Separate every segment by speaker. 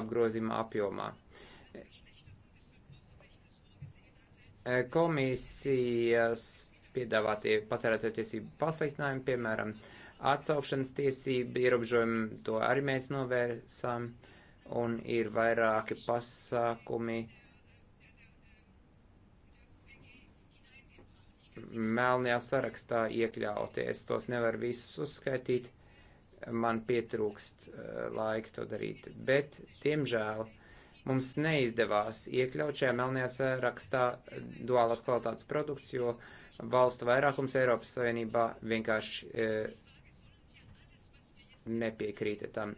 Speaker 1: apgrozījuma apjomā. E, komisijas piedāvātie patērētāju tiesību pasliktinājumi, piemēram, atsaukšanas tiesību ierobežojumi, to arī mēs novērsām, un ir vairāki pasākumi melnajā sarakstā iekļauties. Tos nevar visus uzskaitīt man pietrūkst eh, laika to darīt. Bet, diemžēl, mums neizdevās iekļaut šajā melnajā sarakstā eh, duālās kvalitātes produkts, jo valstu vairākums Eiropas Savienībā vienkārši e, nepiekrīta tam.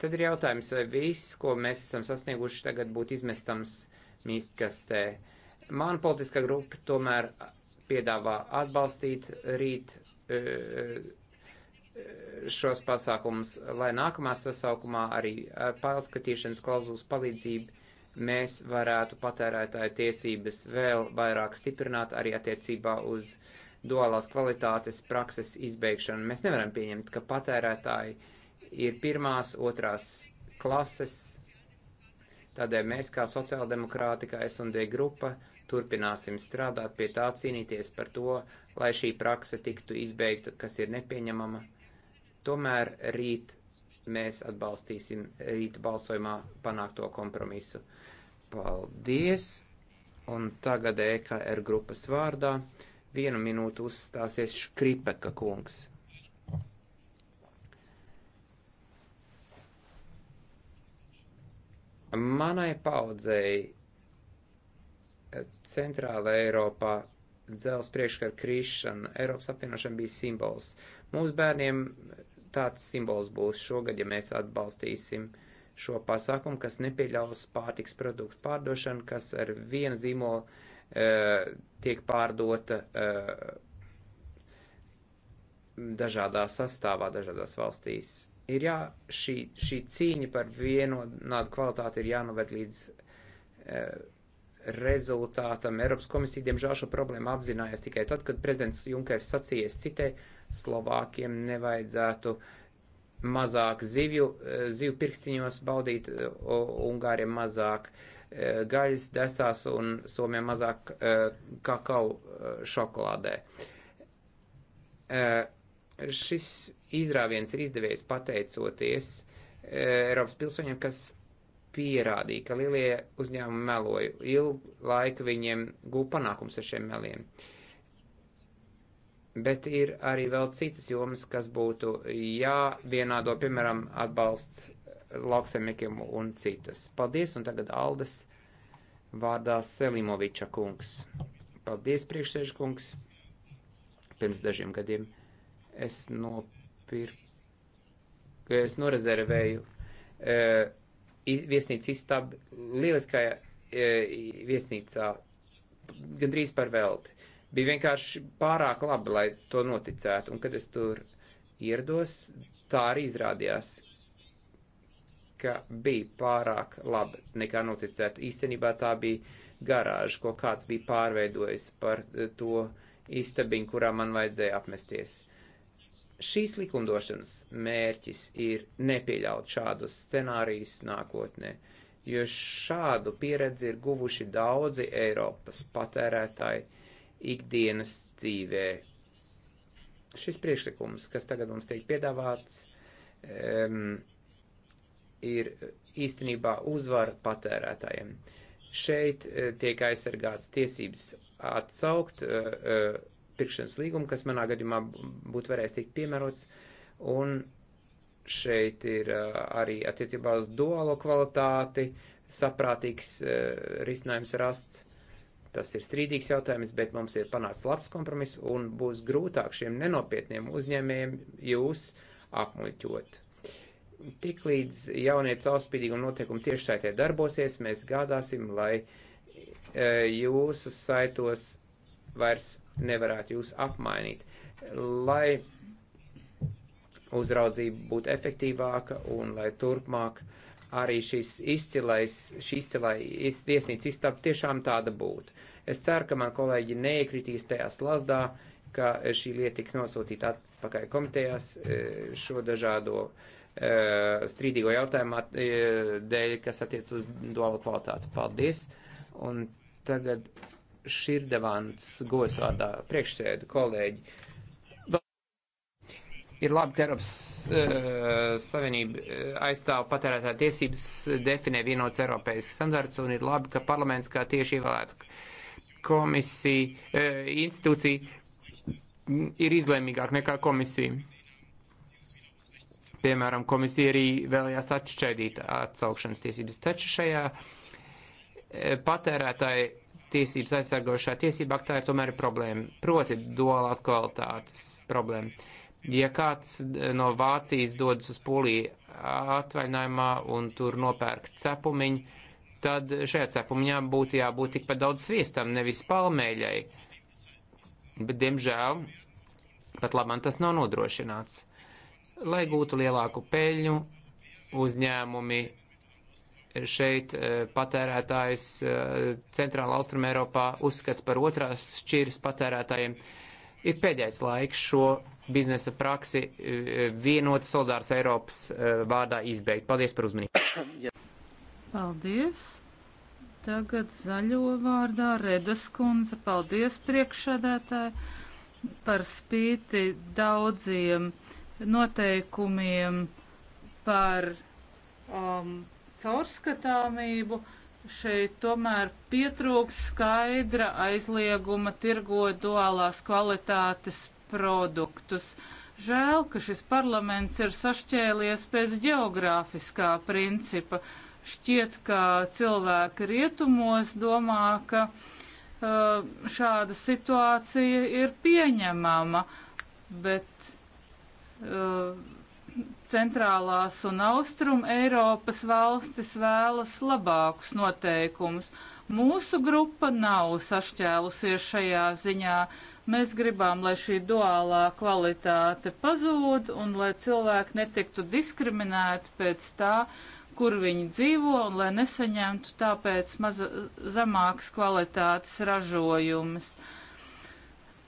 Speaker 1: Tad ir jautājums, vai viss, ko mēs esam sasnieguši tagad, būtu izmestams mīstkastē. Mana politiskā grupa tomēr piedāvā atbalstīt rīt. E, šos pasākumus, lai nākamā sasaukumā arī eh, pārskatīšanas klauzulas palīdzību mēs varētu patērētāju tiesības vēl vairāk stiprināt arī attiecībā uz duālās kvalitātes prakses izbeigšanu. Mēs nevaram pieņemt, ka patērētāji ir pirmās, otrās klases. Tādēļ mēs, kā sociāldemokrāti, kā S&D grupa, turpināsim strādāt pie tā, cīnīties par to, lai šī prakse tiktu izbeigta, kas ir nepieņemama Tomēr rīt mēs atbalstīsim rīt balsojumā panākto kompromisu. Paldies! Un tagad EKR grupas vārdā vienu minūtu uzstāsies Škripeka kungs. Manai paudzei eh, Centrāla Eiropā dzels priekškara krīšana Eiropas apvienošana bija simbols. Mūsu bērniem tāds simbols būs šogad, ja mēs atbalstīsim šo pasākumu, kas nepieļaus pārtiks produktu pārdošanu, kas ar vienu zīmolu e, tiek pārdota e, dažādā sastāvā, dažādās valstīs. Ir jā, šī, šī cīņa par vienādu kvalitāti ir jānoved līdz e, rezultātam. Eiropas komisija, diemžēl, šo problēmu apzinājās tikai tad, kad prezidents Junkers sacījies citai, Slovākiem nevajadzētu mazāk zivju, eh, zivju pirkstiņos baudīt, eh, Ungāriem mazāk eh, gaļas desās un Somijam mazāk kakao šokolādē. Šis izrāviens ir izdevies pateicoties Eiropas pilsoņiem, kas pierādīja, ka lielie uzņēmumi meloja. Ilgu laiku viņiem gūpa panākums ar šiem meliem. Uh, bet ir arī vēl citas jomas, kas būtu jāvienādo, piemēram, atbalsts lauksaimniekiem un citas. Paldies, un tagad Aldes vārdā Selimoviča kungs. Paldies, priekšsēžkungs. Pirms dažiem gadiem es nopirku, es norezervēju e, viesnīcu istabu lieliskajā e, viesnīcā gandrīz par velti bija vienkārši pārāk labi, lai to noticētu. Un kad es tur ierados, tā arī izrādījās, ka bija pārāk labi nekā noticēt. Īstenībā tā bija garāža, ko kāds bija pārveidojis par eh, to istabiņu, kurā man vajadzēja apmesties. Šīs likumdošanas mērķis ir nepieļaut šādus scenārijus nākotnē jo šādu pieredzi ir guvuši daudzi Eiropas patērētāji, ikdienas dzīvē. Šis priekšlikums, kas tagad mums tiek piedāvāts, um, ir īstenībā uzvara patērētājiem. Šeit uh, tiek aizsargāts tiesības atsaukt uh, uh, pirkšanas līgumu, kas manā gadījumā būtu varējis tikt piemērots, un šeit ir uh, arī attiecībā uz duālo kvalitāti saprātīgs uh, risinājums rasts Tas ir strīdīgs jautājums, bet mums ir panācis labs kompromiss un būs grūtāk šiem nenopietniem uzņēmējiem jūs apmuļķot. Tiklīdz jaunie caurspīdīgi un noteikumi tiešsaitē darbosies, mēs gādāsim, lai e, jūsu saitos vairs nevarētu jūs apmainīt. Lai uzraudzība būtu efektīvāka un lai turpmāk arī šis izcilais, šī izcilai viesnīca istaba tiešām tāda būtu. Es ceru, ka man kolēģi neiekritīs tajā slazdā, ka šī lieta tik nosūtīta atpakaļ komitejās e, šo dažādo e, strīdīgo jautājumu e, dēļ, kas attiec uz duālu kvalitāti. Paldies! Un tagad Širdevants gojas vārdā priekšsēdu kolēģi. Ir labi, ka Eiropas uh, Savienība eh, aizstāv patērētāju tiesības, definē vienots Eiropējas standarts, un ir labi, ka parlaments kā tieši ievēlēta komisija, uh, institūcija mm, ir izlēmīgāk nekā komisija. Piemēram, komisija arī vēlējās atšķaidīt atsaukšanas tiesības, taču šajā patērētāja tiesības aizsargošā tiesība aktā ir tomēr problēma, proti duālās kvalitātes problēma. Ja kāds eh, no Vācijas dodas uz Poliju atvaļinājumā un tur nopērk cepumiņu, tad šajā cepumiņā būtu jābūt tikpat daudz sviestam, nevis palmēļai. Bet, diemžēl, pat labam tas nav nodrošināts. Lai gūtu lielāku peļņu, uzņēmumi eh, šeit eh, patērētājs Centrāla Austruma Eiropā uzskata par otrās šķiras patērētājiem. Uh, ir pēdējais laiks šo biznesa praksi e, vienot solidārs Eiropas e, vārdā izbeigt. Paldies par uzmanību.
Speaker 2: Paldies. Tagad zaļo vārdā Redas kundze. Paldies priekšsēdētāji par spīti daudziem noteikumiem par um, caurskatāmību šeit tomēr pietrūks skaidra aizlieguma tirgot duālās kvalitātes produktus. Žēl, ka šis parlaments ir sašķēlies pēc geogrāfiskā principa. Šķiet, ka cilvēki rietumos domā, ka uh, šāda situācija ir pieņemama, bet. Uh, centrālās un austrum Eiropas valstis vēlas labākus noteikumus. Mūsu grupa nav sašķēlusies šajā ziņā. Mēs gribam, lai šī duālā kvalitāte pazūd un lai cilvēki netiktu diskriminēti pēc tā, kur viņi dzīvo un lai nesaņemtu tāpēc maza, zemākas kvalitātes ražojumus. Uh,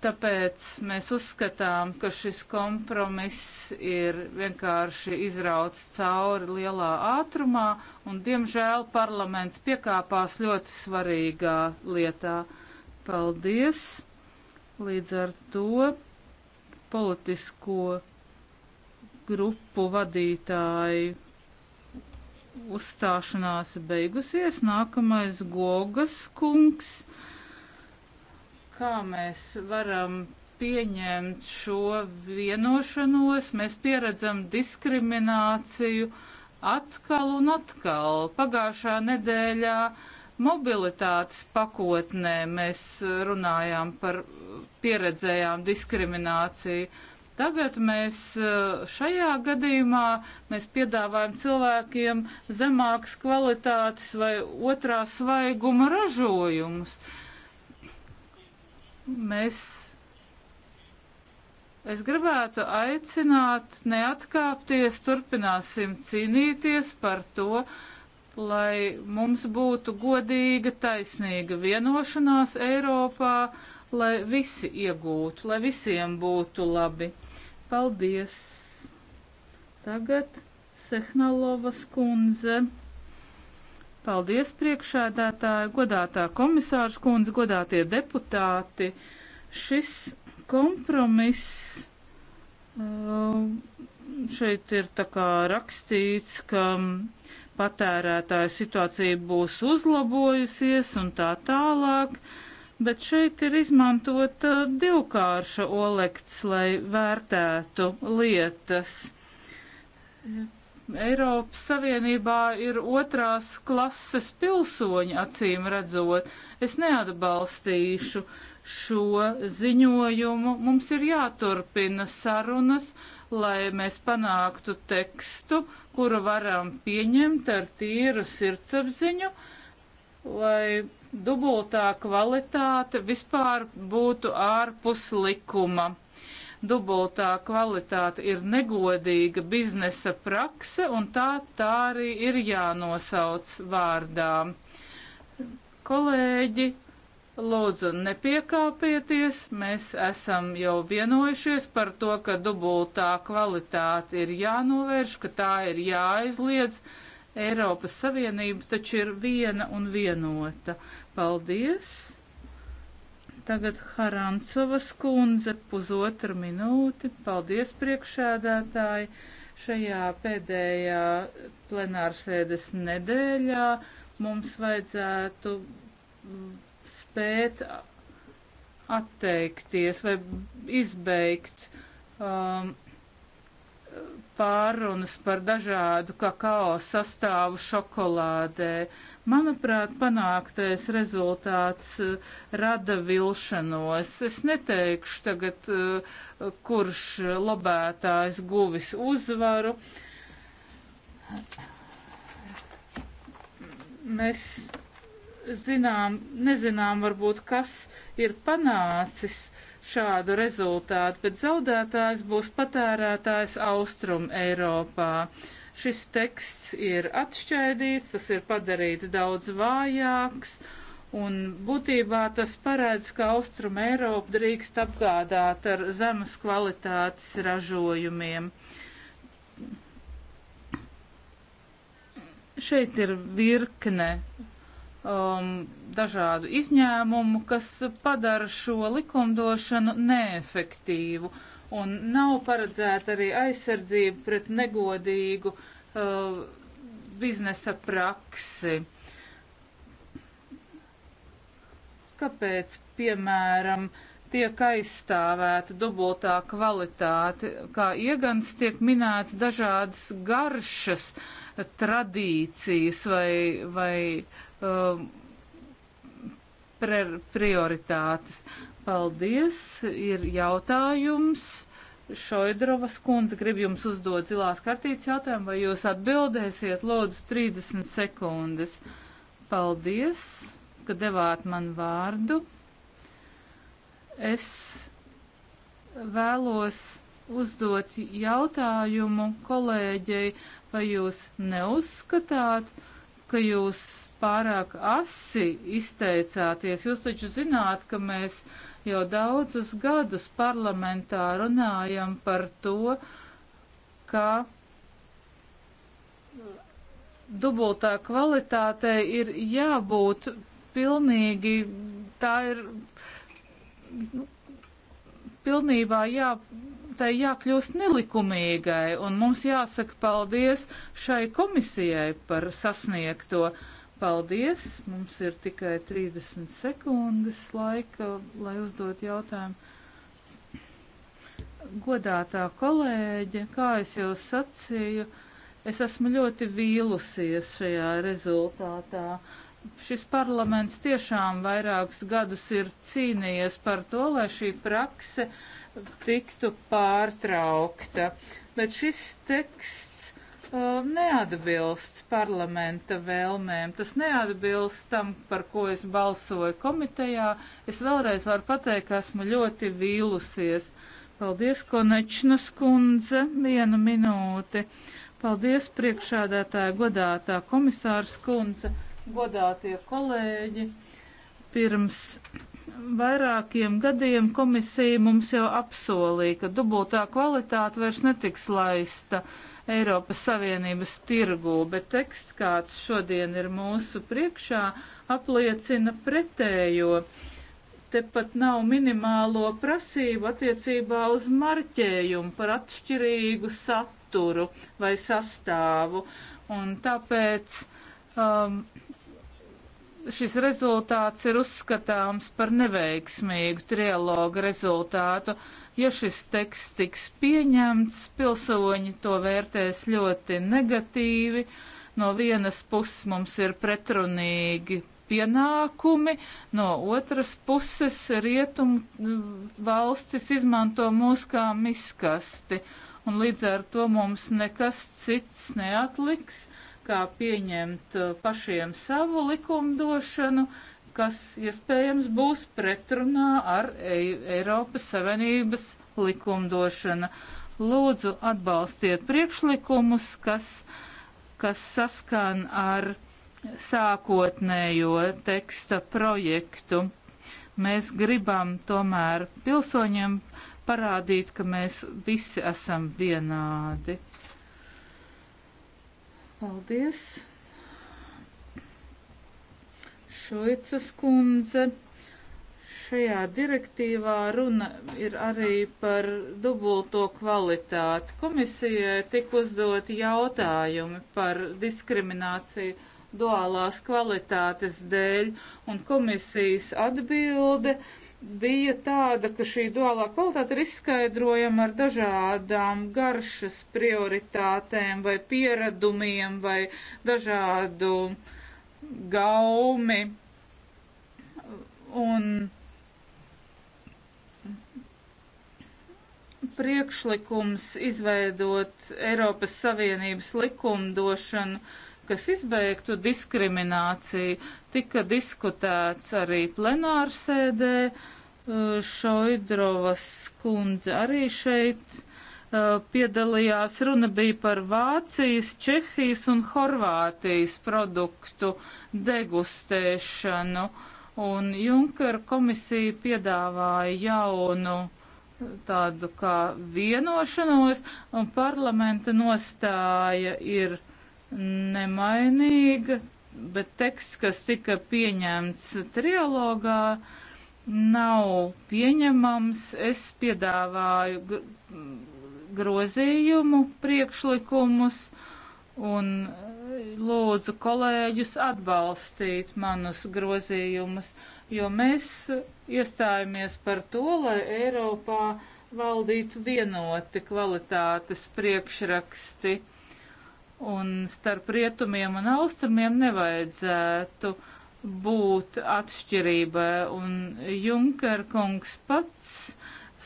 Speaker 2: Tāpēc mēs uzskatām, ka šis kompromiss ir vienkārši izrauts cauri lielā ātrumā un, diemžēl, parlaments piekāpās ļoti svarīgā lietā. Paldies! Līdz ar to politisko grupu vadītāji uzstāšanās beigusies. Nākamais Gogas kungs kā mēs varam pieņemt šo vienošanos, mēs pieredzam diskrimināciju atkal un atkal. Pagājušā nedēļā mobilitātes pakotnē mēs runājām par pieredzējām diskrimināciju. Tagad mēs šajā gadījumā mēs piedāvājam cilvēkiem zemākas kvalitātes vai otrā svaiguma ražojumus. Uh, Mēs Es gribētu aicināt, neatkāpties, turpināsim cīnīties par to, lai mums būtu godīga, taisnīga vienošanās Eiropā, lai visi iegūtu, lai visiem būtu labi. Paldies! Tagad Sehnalovas kundze. Paldies, priekšēdētāji, godātā komisārs kundze, godātie deputāti. Šis kompromiss um, šeit ir tā kā rakstīts, ka patērētāja situācija būs uzlabojusies un tā tālāk, bet šeit ir izmantota divkārša olekts, lai vērtētu lietas. Eiropas Savienībā ir otrās klases pilsoņi, acīm redzot. Es neatbalstīšu šo ziņojumu. Mums ir jāturpina sarunas, lai mēs panāktu tekstu, kuru varam pieņemt ar tīru sirdsapziņu, lai dubultā kvalitāte vispār būtu ārpus likuma dubultā kvalitāte ir negodīga biznesa prakse, un tā, tā arī ir jānosauc vārdā. Kolēģi, lūdzu, nepiekāpieties, mēs esam jau vienojušies par to, ka dubultā kvalitāte ir jānovērš, ka tā ir jāaizliedz. Eiropas Savienība taču ir viena un vienota. Paldies! Tagad Harantsovas kundze pusotru minūti. Paldies priekšēdētāji. Šajā pēdējā plenārsēdes nedēļā mums vajadzētu spēt atteikties vai izbeigt um, pārunas par dažādu kakao sastāvu šokolādē. Manuprāt, panāktais rezultāts eh, rada vilšanos. Es neteikšu tagad, eh, kurš lobētājs guvis uzvaru. Mēs zinām, nezinām varbūt, kas ir panācis šādu rezultātu, bet zaudētājs būs patērētājs Austrum Eiropā. Šis teksts ir atšķaidīts, tas ir padarīts daudz vājāks, un būtībā tas parāds, ka Austrum Eiropa drīkst apgādāt ar zemes kvalitātes ražojumiem. Šeit ir virkne um, dažādu izņēmumu, kas padara šo likumdošanu neefektīvu. Un nav paredzēta arī aizsardzība pret negodīgu uh, biznesa praksi. Kāpēc, piemēram, uh, tiek aizstāvēta dubultā kvalitāte, kā iegans tiek minēts dažādas garšas tradīcijas vai, vai um, prioritātes. Paldies, ir jautājums. Šoidrovas kundze grib jums uzdot zilās kartītes jautājumu, vai jūs atbildēsiet, lūdzu, 30 sekundes. Paldies, ka devāt man vārdu. Es vēlos uzdot jautājumu kolēģei, vai jūs neuzskatāt, ka jūs pārāk asi izteicāties? Jūs taču zināt, ka mēs jau daudzus gadus parlamentā runājam par to, ka dubultā kvalitātei ir jābūt pilnīgi, tā ir nu, pilnībā jā, tai jākļūst nelikumīgai, un mums jāsaka paldies šai komisijai par sasniegto. Paldies, mums ir tikai 30 sekundes laika, lai uzdot jautājumu. Godātā kolēģe, kā es jau sacīju, es esmu ļoti vīlusies šajā rezultātā. Uh, šis parlaments tiešām vairākus gadus ir cīnījies par to, lai šī prakse tiktu pārtraukta. Bet šis teksts uh, neatbilst parlamenta vēlmēm. Tas neatbilst tam, par ko es balsoju komitejā. Es vēlreiz varu pateikt, ka esmu ļoti vīlusies. Paldies, Konečnas kundze, vienu minūti. Paldies, priekšādātāja godātā komisārs kundze godātie kolēģi. Pirms vairākiem gadiem komisija mums jau apsolīja, ka dubultā kvalitāte vairs netiks laista Eiropas Savienības tirgū, bet teksts, kāds šodien ir mūsu priekšā, apliecina pretējo. Te pat nav minimālo prasību attiecībā uz marķējumu par atšķirīgu saturu vai sastāvu. Un tāpēc um, šis rezultāts ir uzskatāms par neveiksmīgu trialoga rezultātu. Ja šis teksts tiks pieņemts, pilsoņi to vērtēs ļoti negatīvi. No vienas puses mums ir pretrunīgi pienākumi, no otras puses rietumu valstis izmanto mūs kā miskasti. Un līdz ar to mums nekas cits neatliks, kā pieņemt uh, pašiem savu likumdošanu, kas iespējams būs pretrunā ar Ei Eiropas Savienības likumdošanu. Lūdzu, atbalstiet priekšlikumus, kas, kas saskan ar sākotnējo teksta projektu. Mēs gribam tomēr pilsoņiem parādīt, ka mēs visi esam vienādi. Paldies! Šuicas kundze. Šajā direktīvā runa ir arī par dubulto kvalitāti. Komisijai tik uzdot jautājumi par diskrimināciju duālās kvalitātes dēļ, un komisijas atbilde uh, bija tāda, ka šī duālā kvalitāte ir izskaidrojama ar dažādām garšas prioritātēm vai pieradumiem vai dažādu gaumi. Un priekšlikums izveidot Eiropas Savienības likumdošanu kas izbeigtu diskrimināciju, tika diskutēts arī plenārsēdē. Eh, Šoidrovas kundze arī šeit eh, piedalījās. Runa bija par Vācijas, Čehijas un Horvātijas produktu degustēšanu. Un Junker komisija piedāvāja jaunu eh, tādu kā vienošanos, un parlamenta nostāja ir nemainīga, bet teksts, kas tika pieņemts trialogā, nav pieņemams. Es piedāvāju grozījumu priekšlikumus un lūdzu kolēģus atbalstīt manus grozījumus, jo mēs iestājamies par to, lai Eiropā valdītu vienoti kvalitātes priekšraksti un starp rietumiem un austrumiem nevajadzētu būt atšķirībai. Un Junker kungs pats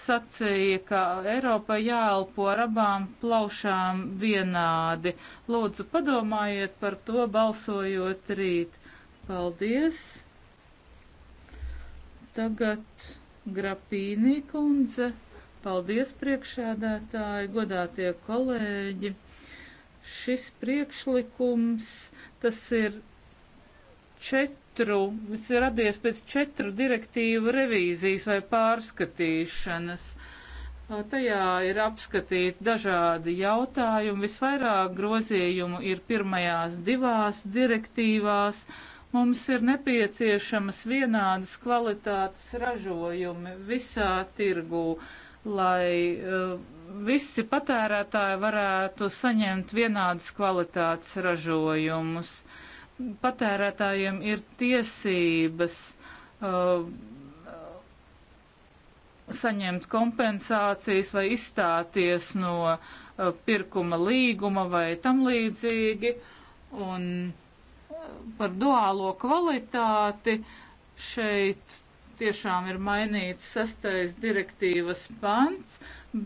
Speaker 2: sacīja, ka Eiropa jāelpo ar abām plaušām vienādi. Lūdzu, padomājiet par to balsojot rīt. Paldies! Tagad Grapīnī kundze. Paldies priekšēdētāji, godātie kolēģi! šis priekšlikums, tas ir četru, tas ir radies pēc četru direktīvu revīzijas vai pārskatīšanas. Tajā ir apskatīti dažādi jautājumi. Visvairāk grozījumu ir pirmajās divās direktīvās. Mums ir nepieciešamas vienādas kvalitātes ražojumi visā tirgū lai eh, visi patērētāji varētu saņemt vienādas kvalitātes ražojumus. Patērētājiem ir tiesības uh, saņemt kompensācijas vai izstāties no uh, pirkuma līguma vai tam līdzīgi. Un par duālo kvalitāti šeit tiešām ir mainīts sastais direktīvas pants,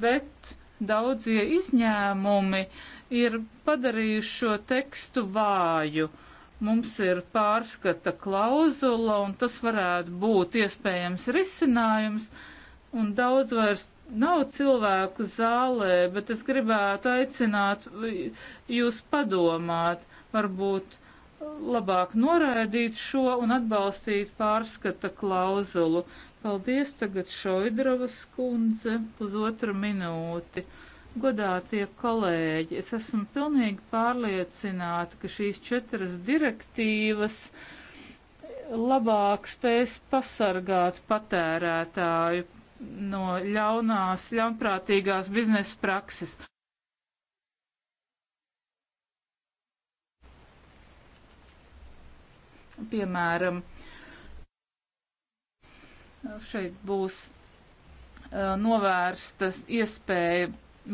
Speaker 2: bet daudzie izņēmumi ir padarījuši šo tekstu vāju. Mums ir pārskata klauzula, un tas varētu būt iespējams risinājums, un daudz vairs nav cilvēku zālē, bet es gribētu aicināt jūs padomāt, varbūt labāk noraidīt šo un atbalstīt pārskata klauzulu. Paldies tagad Šoidrovas kundze pusotru minūti. Godātie kolēģi, es esmu pilnīgi pārliecināta, ka šīs četras direktīvas labāk spēs pasargāt patērētāju no ļaunās, ļaunprātīgās biznesa prakses. Piemēram, šeit būs uh, novērstas iespēja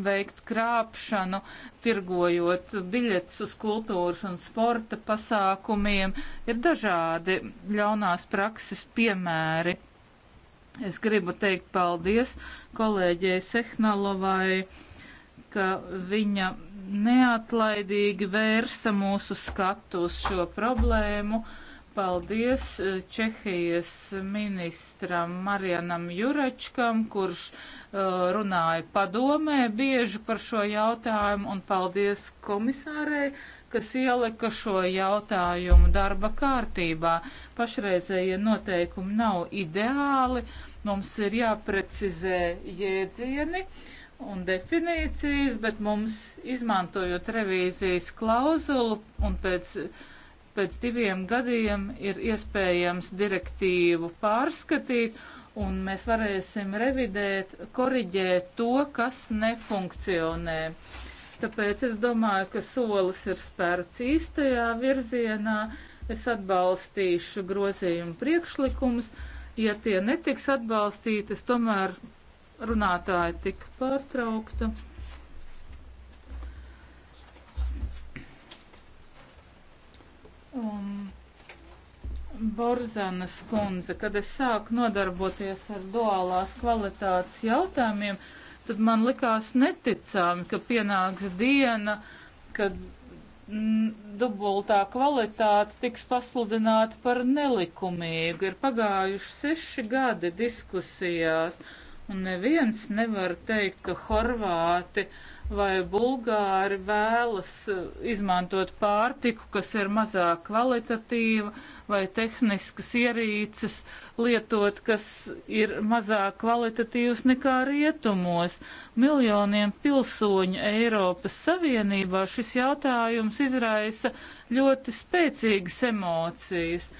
Speaker 2: veikt krāpšanu, tirgojot biļetes uz kultūras un sporta pasākumiem. Ir dažādi ļaunās prakses piemēri. Es gribu teikt paldies kolēģei Sehnalovai, ka viņa neatlaidīgi vērsa mūsu skatu uz šo problēmu. Uh, Paldies eh, Čehijas ministram Marianam Juračkam, kurš uh, runāja padomē bieži par šo jautājumu, un paldies komisārei, kas ielika šo jautājumu darba kārtībā. Pašreizējie noteikumi nav ideāli, mums ir jāprecizē jēdzieni. Uh, un definīcijas, bet mums, izmantojot revīzijas klauzulu un pēc pēc diviem gadiem ir iespējams direktīvu pārskatīt, un mēs varēsim revidēt, koriģēt to, kas nefunkcionē. Tāpēc es domāju, ka solis ir spērts īstajā virzienā. Es atbalstīšu grozījumu priekšlikumus. Ja tie netiks atbalstīti, es tomēr runātāja tika pārtraukta. Un Borzanas kundze, kad es sāku nodarboties ar duālās kvalitātes jautājumiem, tad man likās neticami, ka pienāks diena, kad dubultā kvalitāte tiks pasludināta par nelikumīgu. Ir pagājuši seši gadi diskusijās, un neviens nevar teikt, ka Horvāti uh, vai bulgāri vēlas eh, izmantot pārtiku, kas ir mazāk kvalitatīva, vai tehniskas ierīces lietot, kas ir mazāk kvalitatīvas nekā rietumos. Miljoniem pilsoņu Eiropas Savienībā šis jautājums izraisa ļoti spēcīgas emocijas.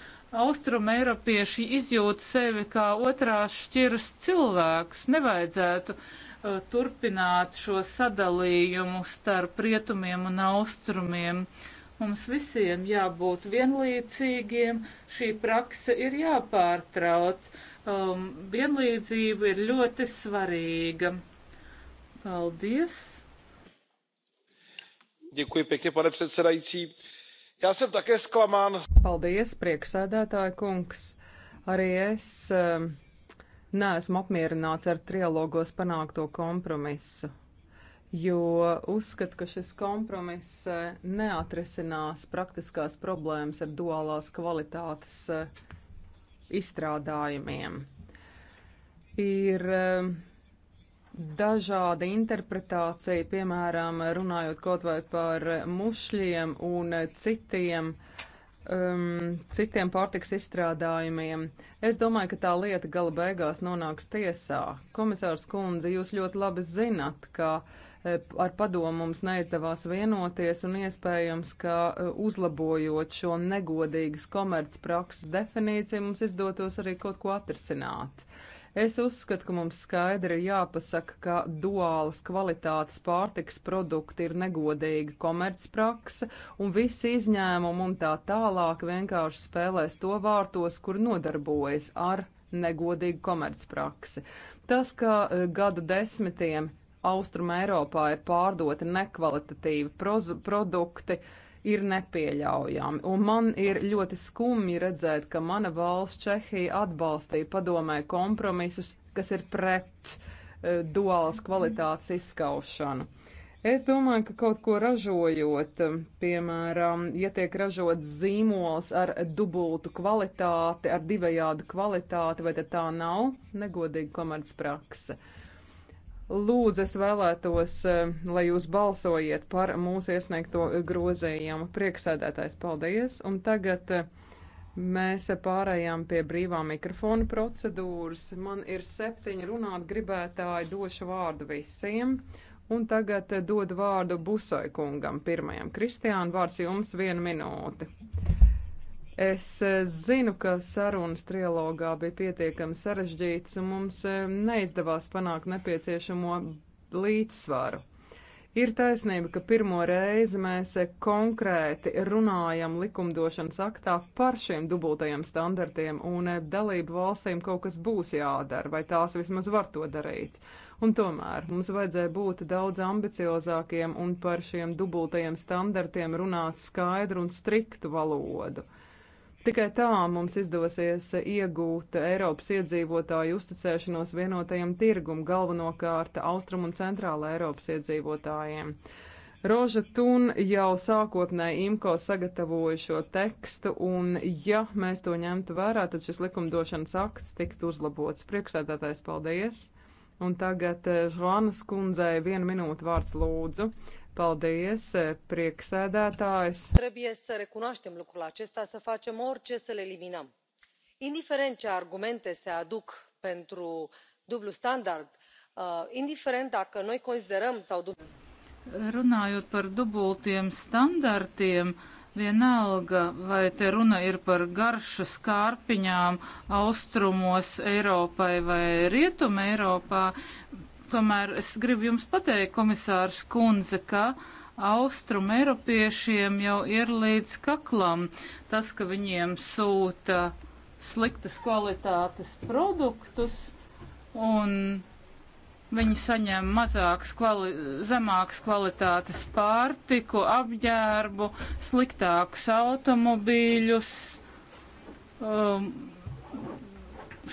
Speaker 2: Austruma Eiropieši izjūt sevi kā otrās šķiras cilvēkus. Nevajadzētu uh, Uh, turpināt šo sadalījumu starp rietumiem un austrumiem. Mums visiem jābūt vienlīdzīgiem, šī prakse ir jāpārtrauc. Um, vienlīdzība ir ļoti svarīga. Paldies!
Speaker 3: Děkuji pěkně, pane předsedající. Já jsem také zklamán.
Speaker 4: Paldies, prieksēdētāja kungs. Arī es um, neesmu apmierināts ar trialogos panākto kompromisu, jo uzskatu, ka šis kompromiss eh, neatrisinās praktiskās problēmas ar duālās kvalitātes eh, izstrādājumiem. Ir eh, dažāda interpretācija, piemēram, runājot kaut vai par mušļiem un citiem uh, um, citiem pārtiks izstrādājumiem. Es domāju, ka tā lieta gala beigās nonāks tiesā. Komisārs Kundze, jūs ļoti labi zinat, ka e, ar padomu mums neizdevās vienoties un iespējams, ka e, uzlabojot šo negodīgas komercprakses definīciju, mums izdotos arī kaut ko atrisināt. Uh, Es uzskatu, ka mums skaidri ir jāpasaka, ka duālas kvalitātes pārtiks produkti ir negodīga komercprakse, un visi izņēmumi un tā tālāk vienkārši spēlēs to vārtos, kur nodarbojas ar negodīgu komercpraksi. Tas, ka e, gadu desmitiem Austrum Eiropā ir pārdoti nekvalitatīvi produkti, uh, ir nepieļaujami. Un man ir ļoti skumji redzēt, ka mana valsts Čehija atbalstīja padomē kompromisus, kas ir pret uh, duālas kvalitātes izskaušanu. Es domāju, ka kaut ko ražojot, e, piemēram, ja tiek ražots zīmols ar dubultu kvalitāti, ar divējādu kvalitāti, vai tad tā nav negodīga komercprakse? Uh, Lūdzu, es vēlētos, eh, lai jūs balsojiet par mūsu iesniegto grozējumu. Prieksēdētājs, paldies! Un tagad eh, mēs pārējām pie brīvā mikrofona procedūras. Man ir septiņi runāt gribētāji, došu vārdu visiem. Un tagad eh, dod vārdu Busoikungam pirmajam. Kristiāna, vārds jums viena minūte. Es eh, zinu, ka sarunas trilogā bija pietiekami sarežģītas un mums eh, neizdevās panākt nepieciešamo līdzsvaru. Ir taisnība, ka pirmo reizi mēs eh, konkrēti runājam likumdošanas aktā par šiem dubultajiem standartiem, un dalību valstīm kaut kas būs jādara, vai tās vismaz var to darīt. Un tomēr mums vajadzēja būt daudz ambiciozākiem un par šiem dubultajiem standartiem runāt skaidru un striktu valodu. Tikai tā mums izdosies iegūt Eiropas iedzīvotāju uzticēšanos vienotajam tirgum, galvenokārt Austrum un Centrāla Eiropas iedzīvotājiem. Roža Tun jau sākotnēji IMCO sagatavoja šo tekstu, un ja mēs to ņemtu vērā, tad šis likumdošanas akts tiktu uzlabots. Priekšsēdētājs, paldies! Un tagad eh, Žuanas kundzei vienu minūtu vārds lūdzu. Paldies, eh, prieksēdētājs.
Speaker 3: Trebuie să recunoaștem lucrul acesta, să facem orice să le eliminăm. Indiferent ce argumente se aduc pentru dublu standard, eh, indiferent dacă noi considerăm sau
Speaker 2: Runājot par dubultiem standartiem, vienalga, vai te runa ir par garšu skārpiņām austrumos Eiropai vai rietuma Eiropā, Tomēr es gribu jums pateikt, komisārs Kunze, ka austrum eiropiešiem jau ir līdz kaklam tas, ka viņiem sūta sliktas kvalitātes produktus un viņi saņem mazāks, kvali zemāks kvalitātes pārtiku, apģērbu, sliktākus automobīļus. Um,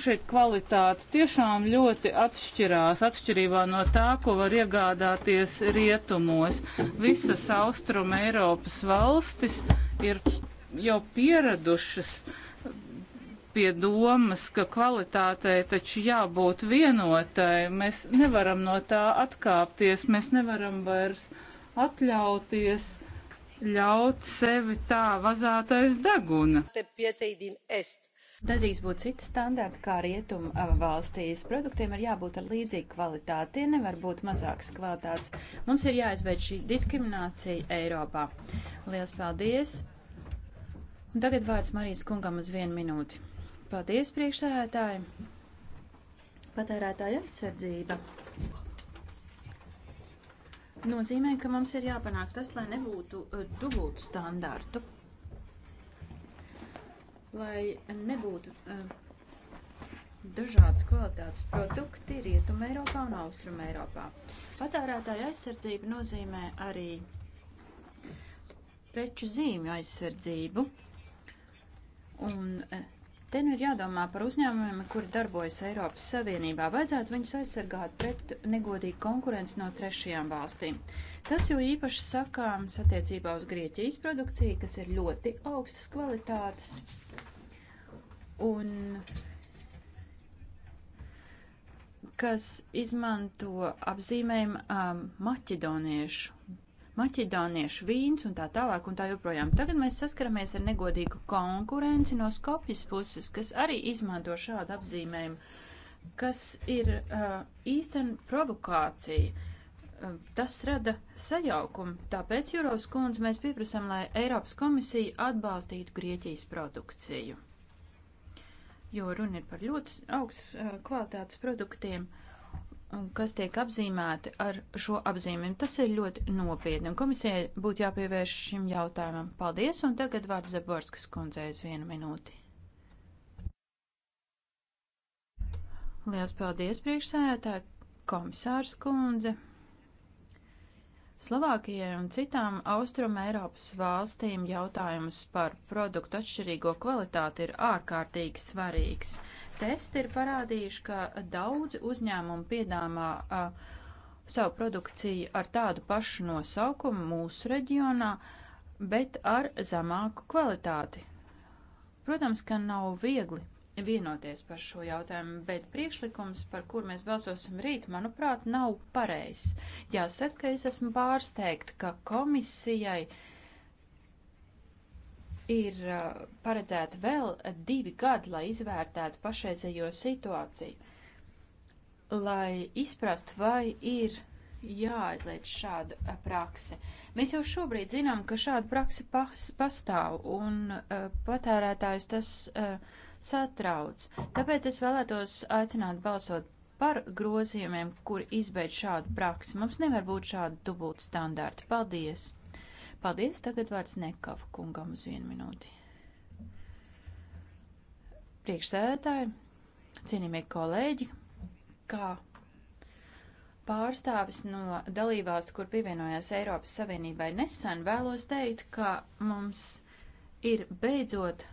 Speaker 2: šī kvalitāte tiešām ļoti atšķirās, atšķirībā no tā, ko var iegādāties rietumos. Visas austruma Eiropas valstis ir jau pieradušas pie domas, ka kvalitātei taču jābūt vienotai. Mēs nevaram no tā atkāpties, mēs nevaram vairs atļauties ļaut sevi tā vazātais deguna.
Speaker 5: Dažreiz būtu citi standarti, kā rietumu valstīs. Produktiem ir jābūt ar līdzīgu kvalitāti, tie nevar būt mazākas kvalitātes. Mums ir jāizbeidz šī diskriminācija Eiropā. Lielas paldies! Un tagad vārds Marijas kungam uz vienu minūti. Paldies, priekšsēdētāji! Patērētāja aizsardzība nozīmē, ka mums ir jāpanāk tas, lai nebūtu dubultu standārtu lai nebūtu eh, dažādas kvalitātes produkti Rietuma Eiropā un Austrum Eiropā. Patērētāja aizsardzība nozīmē arī preču zīmju aizsardzību. Un eh, te nu ir jādomā par uzņēmumiem, kuri darbojas Eiropas Savienībā. Vajadzētu viņus aizsargāt pret negodīgu konkurenci no trešajām valstīm. Tas jau īpaši sakāms attiecībā uz Grieķijas produkciju, kas ir ļoti augstas kvalitātes un kas izmanto apzīmējumu um, maķedoniešu. Maķedoniešu vīns un tā tālāk un tā joprojām. Tagad mēs saskaramies ar negodīgu konkurenci no Skopjas puses, kas arī izmanto šādu apzīmējumu, kas ir uh, īsten provokācija. Uh, tas rada sajaukumu, tāpēc Jūros kundze mēs pieprasām, lai Eiropas komisija atbalstītu Grieķijas produkciju jo runa ir par ļoti augsts eh, kvalitātes produktiem, kas tiek apzīmēti ar šo apzīmi. Un tas ir ļoti nopietni, un komisijai būtu jāpievērš šim jautājumam. Paldies, un tagad vārds Zaborskas kundzei uz vienu minūti. Liels paldies, priekšsēdētāji, komisārs kundze, Slovākijai un citām Austruma Eiropas valstīm jautājums par produktu atšķirīgo kvalitāti ir ārkārtīgi svarīgs. Testi ir parādījuši, ka daudzi uzņēmumi piedāvā savu produkciju ar tādu pašu nosaukumu mūsu reģionā, bet ar zemāku kvalitāti. Protams, ka nav viegli vienoties par šo jautājumu, bet priekšlikums, par kur mēs balsosim rīt, manuprāt, nav pareizs. Jāsaka, ka es esmu pārsteigta, ka komisijai ir uh, paredzēta vēl divi gadi, lai izvērtētu pašreizējo situāciju, lai izprastu, vai ir jāaizliedz šādu uh, praksi. Mēs jau šobrīd zinām, ka šāda praksa pas pastāv, un uh, patērētājs tas uh, satrauc. Tāpēc es vēlētos aicināt balsot par grozījumiem, kur izbeidz šādu praksi. Mums nevar būt šādu dubultu standārtu. Paldies! Paldies! Tagad vārds Nekava kungam uz vienu minūti. Priekšsēdētāji, cienījamie kolēģi, kā pārstāvis no dalībās, kur pievienojās Eiropas Savienībai nesen, vēlos teikt, ka mums ir beidzot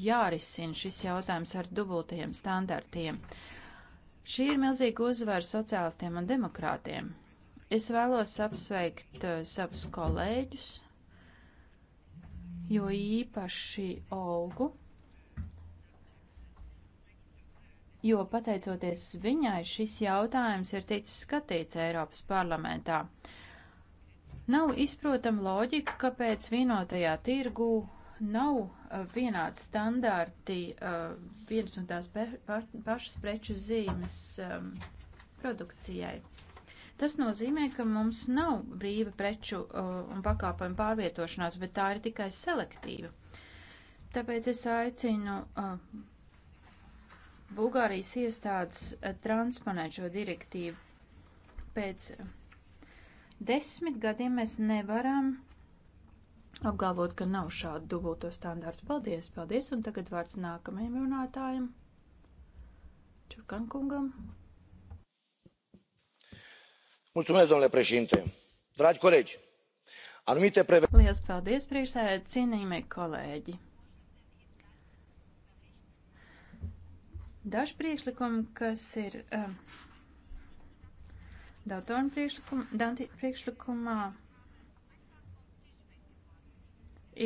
Speaker 5: jārisina šis jautājums ar dubultajiem standartiem. Šī ir milzīga uzvara sociālistiem un demokrātiem. Es vēlos apsveikt uh, savus kolēģus, jo īpaši Olgu, jo pateicoties viņai šis jautājums ir ticis skatīts Eiropas parlamentā. Nav izprotama loģika, kāpēc vienotajā tirgū nav vienādi standarti eh, vienas un tās pašas preču zīmes ehm, produkcijai. Tas nozīmē, ka mums nav brīva preču eh, un pakāpojumu pārvietošanās, bet tā ir tikai selektīva. Tāpēc es aicinu eh, Bulgārijas iestādes transponēt šo direktīvu. Pēc desmit gadiem mēs nevaram apgalvot, ka nav šādu dubulto standārtu. Paldies, paldies, un tagad vārds nākamajam runātājam, Čurkan kungam. Mulțumesc, domnule președinte. Dragi colegi, anumite prevederi. Lielas paldies, priekšsēdē, cienījamie kolēģi. Daži priekšlikumi, kas ir um, uh, Daltona priekšlikuma, priekšlikumā,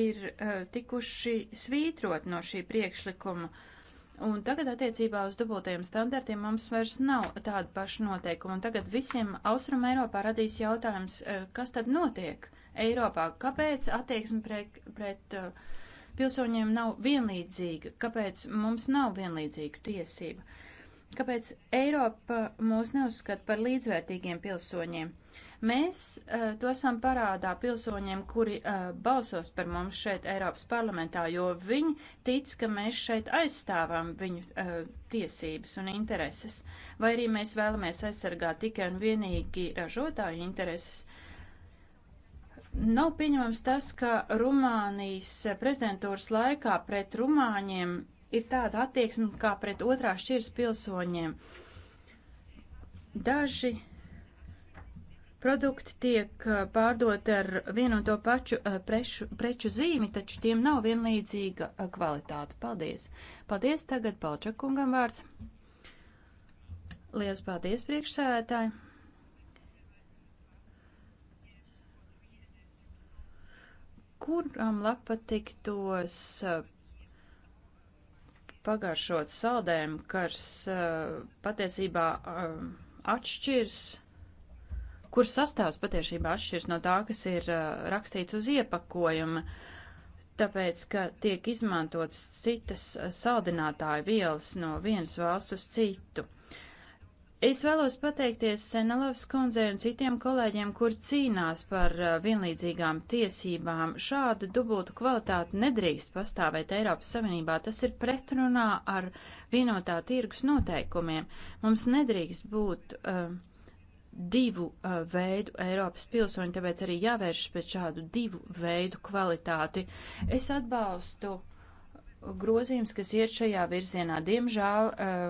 Speaker 5: ir uh, tikuši svītrot no šī priekšlikuma. Un tagad attiecībā uz dubultajiem standartiem mums vairs nav tāda paša noteikuma. Un tagad visiem Austrum Eiropā radīs jautājums, uh, kas tad notiek Eiropā? Kāpēc attieksme pret, pret uh, pilsoņiem nav vienlīdzīga? Kāpēc mums nav vienlīdzīgu tiesību? Kāpēc Eiropa mūs neuzskata par līdzvērtīgiem pilsoņiem? Uh, Mēs uh, to esam parādā pilsoņiem, kuri uh, balsos par mums šeit Eiropas parlamentā, jo viņi tic, ka mēs šeit aizstāvam viņu uh, tiesības un intereses, vai arī mēs vēlamies aizsargāt tikai un vienīgi ražotāju intereses. Nav pieņemams tas, ka Rumānijas prezidentūras laikā pret rumāņiem ir tāda attieksme kā pret otrā šķiras pilsoņiem. Daži Produkti tiek pārdoti ar vienu un to pašu preču, preču zīmi, taču tiem nav vienlīdzīga kvalitāte. Paldies! Paldies tagad Palčakungam vārds. Lielas paldies priekšsēdētāji! Kuram lapa tiktos pagaršot saldēm, kas patiesībā atšķirs? kur sastāvs patiešībā atšķirs no tā, kas ir uh, rakstīts uz iepakojuma, tāpēc, ka tiek izmantotas citas uh, saldinātāju vielas no vienas valsts uz citu. Es vēlos pateikties Senelovs kundzei un citiem kolēģiem, kur cīnās par uh, vienlīdzīgām tiesībām. Šāda dubultu kvalitāte nedrīkst pastāvēt Eiropas Savienībā. Tas ir pretrunā ar vienotā tirgus noteikumiem. Mums nedrīkst būt uh, divu uh, veidu Eiropas pilsoņi, tāpēc arī jāvēršas pret šādu divu veidu kvalitāti. Es atbalstu grozījums, kas iet šajā virzienā. Diemžēl uh,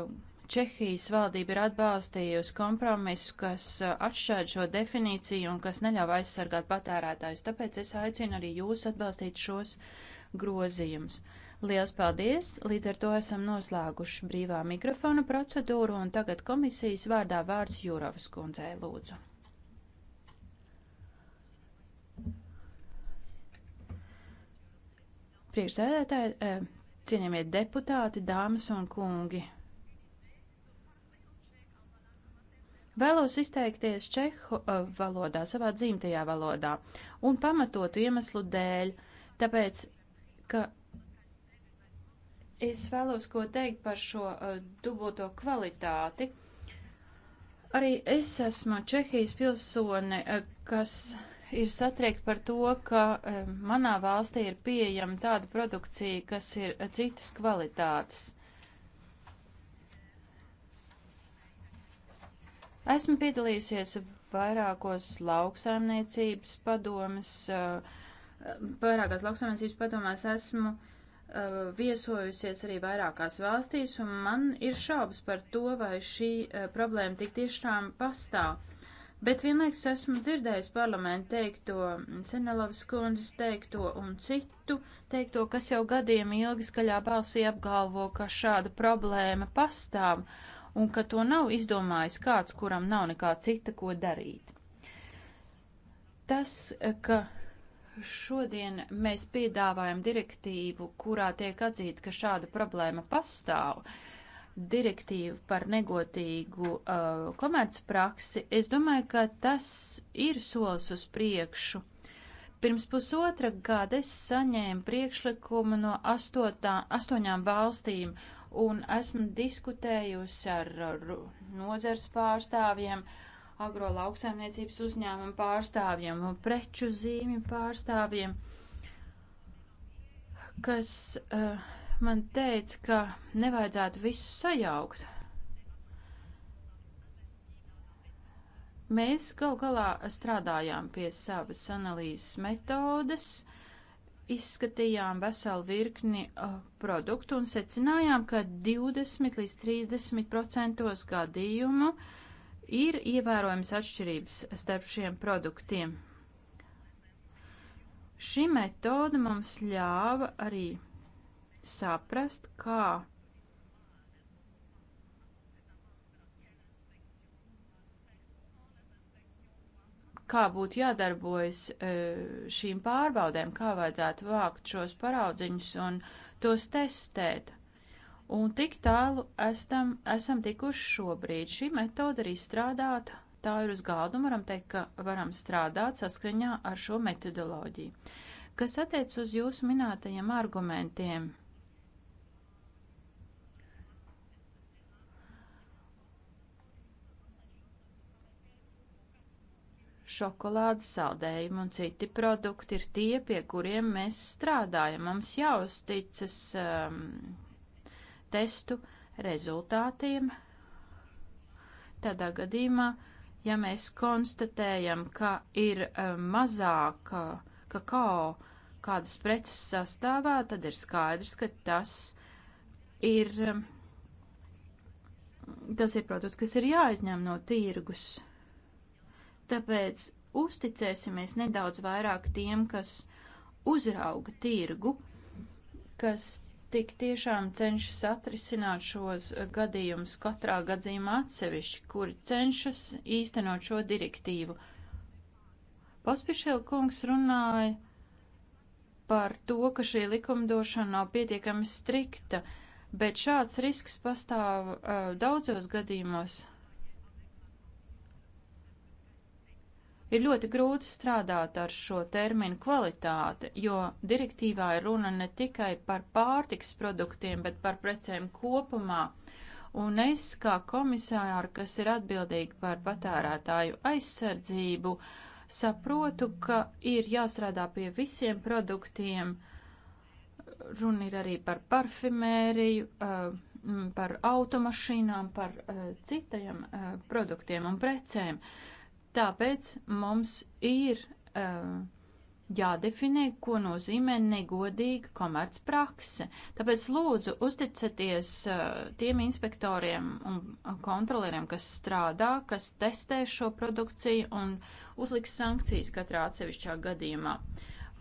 Speaker 5: Čehijas valdība ir atbalstījusi kompromisu, kas uh, atšķēra šo definīciju un kas neļauj aizsargāt patērētājus. Tāpēc es aicinu arī jūs atbalstīt šos grozījumus. Uh, Liels paldies! Līdz ar to esam noslēguši brīvā mikrofona procedūru un tagad komisijas vārdā vārds Jūrovas kundzei lūdzu. Priekšsēdētāji, e, cienījamie deputāti, dāmas un kungi. Vēlos izteikties čehu e, valodā, savā dzimtajā valodā, un pamatotu iemeslu dēļ, tāpēc, ka Es vēlos ko teikt par šo uh, dubulto kvalitāti. Arī es esmu Čehijas pilsone, uh, kas ir satriekt par to, ka uh, manā valstī ir pieejama tāda produkcija, kas ir uh, citas kvalitātes. Esmu piedalījusies vairākos lauksaimniecības padomas, uh, vairākās lauksaimniecības padomās esmu uh, Eh, viesojusies arī vairākās valstīs, un man ir šaubas par to, vai šī eh, problēma tik tiešām pastāv. Bet vienlaikus esmu dzirdējis parlamentu teikto, Senelovas kundzes teikto un citu teikto, kas jau gadiem ilgi skaļā balsī apgalvo, ka šāda problēma pastāv un ka to nav izdomājis kāds, kuram nav nekā cita, ko darīt. Tas, eh, ka Šodien mēs piedāvājam direktīvu, kurā tiek atzīts, ka šāda problēma pastāv. Direktīva par negotīgu uh, komercpraksi, es domāju, ka tas ir solis uz priekšu. Pirms pusotra gada es saņēmu priekšlikumu no astotā, astoņām valstīm un esmu diskutējusi ar, ar nozars pārstāvjiem. Uh, agro lauksaimniecības uzņēmumu pārstāvjiem un preču zīmju pārstāvjiem, kas uh, man teica, ka nevajadzētu visu sajaukt. Mēs gal galā strādājām pie savas analīzes metodes, izskatījām veselu virkni uh, produktu un secinājām, ka 20 līdz 30 procentos gadījumu uh, Ir ievērojams atšķirības starp šiem produktiem. Šī metode mums ļāva arī saprast, kā kā būtu jādarbojas e, šīm pārbaudēm, kā vajadzētu vākt šos paraudziņus un tos testēt. Un tik tālu esam, esam tikuši šobrīd. Šī metode ir izstrādāta, tā ir uz gādu, varam teikt, ka varam strādāt saskaņā ar šo metodoloģiju. Kas attiec uz jūsu minētajiem argumentiem? Šokolādes saldējumi un citi produkti ir tie, pie kuriem mēs strādājam. Mums jāuzticas um, testu rezultātiem. Tādā gadījumā, ja mēs konstatējam, ka ir eh, mazāk eh, kakao kādas preces sastāvā, tad ir skaidrs, ka tas ir, eh, tas ir produkts, kas ir jāizņem no tirgus. Tāpēc uzticēsimies nedaudz vairāk tiem, kas uzrauga tirgu, kas tik tiešām cenšas atrisināt šos gadījumus katrā gadījumā atsevišķi, kuri cenšas īstenot šo direktīvu. Pospišēla kungs runāja par to, ka šī likumdošana nav pietiekami strikta, bet šāds risks pastāv uh, daudzos gadījumos. Ir ļoti grūti strādāt ar šo terminu kvalitāte, jo direktīvā ir runa ne tikai par pārtiks produktiem, bet par precēm kopumā. Un es, kā komisāra, kas ir atbildīga par patērētāju aizsardzību, saprotu, ka ir jāstrādā pie visiem produktiem. Runa ir arī par parfimēriju, eh, par automašīnām, par eh, citajiem eh, produktiem un precēm. Tāpēc mums ir uh, jādefinē, ko nozīmē negodīga komercprakse. Tāpēc lūdzu uzticaties uh, tiem inspektoriem un kontrolieriem, kas strādā, kas testē šo produkciju un uzliks sankcijas katrā atsevišķā gadījumā.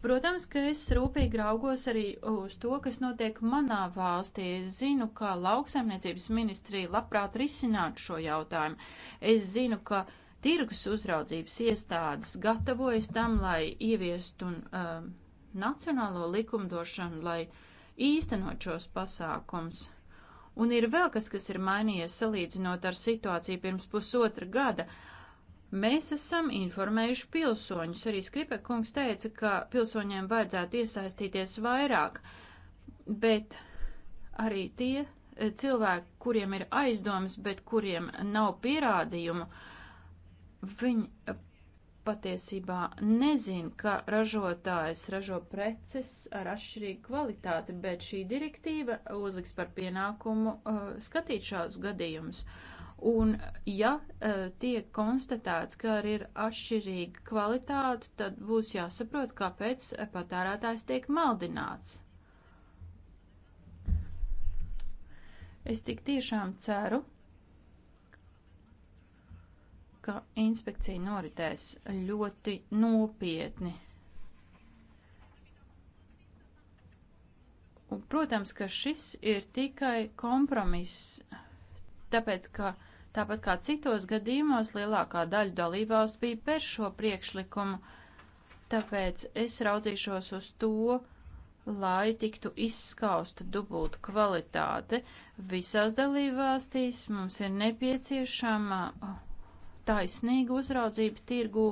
Speaker 5: Protams, ka es rūpīgi raugos arī uz to, kas notiek manā valstī. Es zinu, ka lauksaimniecības ministrija labprāt risinātu šo jautājumu. Es zinu, ka uh, Tirgus uzraudzības iestādes gatavojas tam, lai ieviestu un, um, uh, nacionālo likumdošanu, lai īstenot šos pasākums. Un ir vēl kas, kas ir mainījies salīdzinot ar situāciju pirms pusotra gada. Mēs esam informējuši pilsoņus. Arī Skripekungs teica, ka pilsoņiem vajadzētu iesaistīties vairāk, bet arī tie eh, cilvēki, kuriem ir aizdomas, bet kuriem nav pierādījumu, uh, Viņi eh, patiesībā nezin, ka ražotājs ražo preces ar atšķirīgu kvalitāti, bet šī direktīva uzliks par pienākumu uh, skatīt šādus gadījumus. Un ja uh, tiek konstatēts, ka arī ir atšķirīga kvalitāte, tad būs jāsaprot, kāpēc patērētājs tiek maldināts. Es tik tiešām ceru, ka inspekcija noritēs ļoti nopietni. Un, protams, ka šis ir tikai kompromiss, tāpēc, ka tāpat kā citos gadījumos lielākā daļa dalībvalstu bija per šo priekšlikumu, tāpēc es raudzīšos uz to, lai tiktu izskausta dubulta kvalitāte. Visās dalībvalstīs mums ir nepieciešama taisnīga uzraudzība tirgu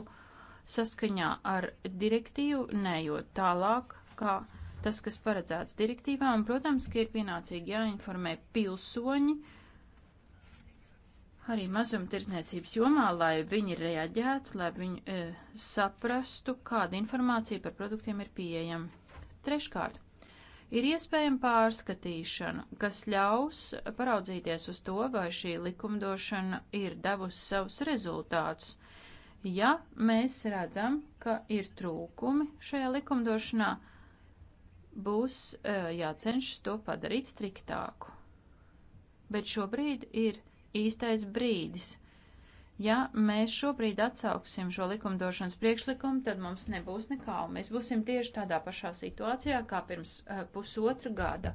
Speaker 5: saskaņā ar direktīvu, nejot tālāk, kā tas, kas paredzēts direktīvā, un, protams, ka ir pienācīgi jāinformē pilsoņi arī mazumtirdzniecības jomā, lai viņi reaģētu, lai viņi e, saprastu, kāda informācija par produktiem ir pieejama. Treškārt, Ir iespējama pārskatīšana, kas ļaus paraudzīties uz to, vai šī likumdošana ir devusi savus rezultātus. Ja mēs redzam, ka ir trūkumi šajā likumdošanā, būs e, jācenšas to padarīt striktāku. Bet šobrīd ir īstais brīdis Ja mēs šobrīd atsauksim šo likumdošanas priekšlikumu, tad mums nebūs nekā, un mēs būsim tieši tādā pašā situācijā kā pirms uh, pusotra gada.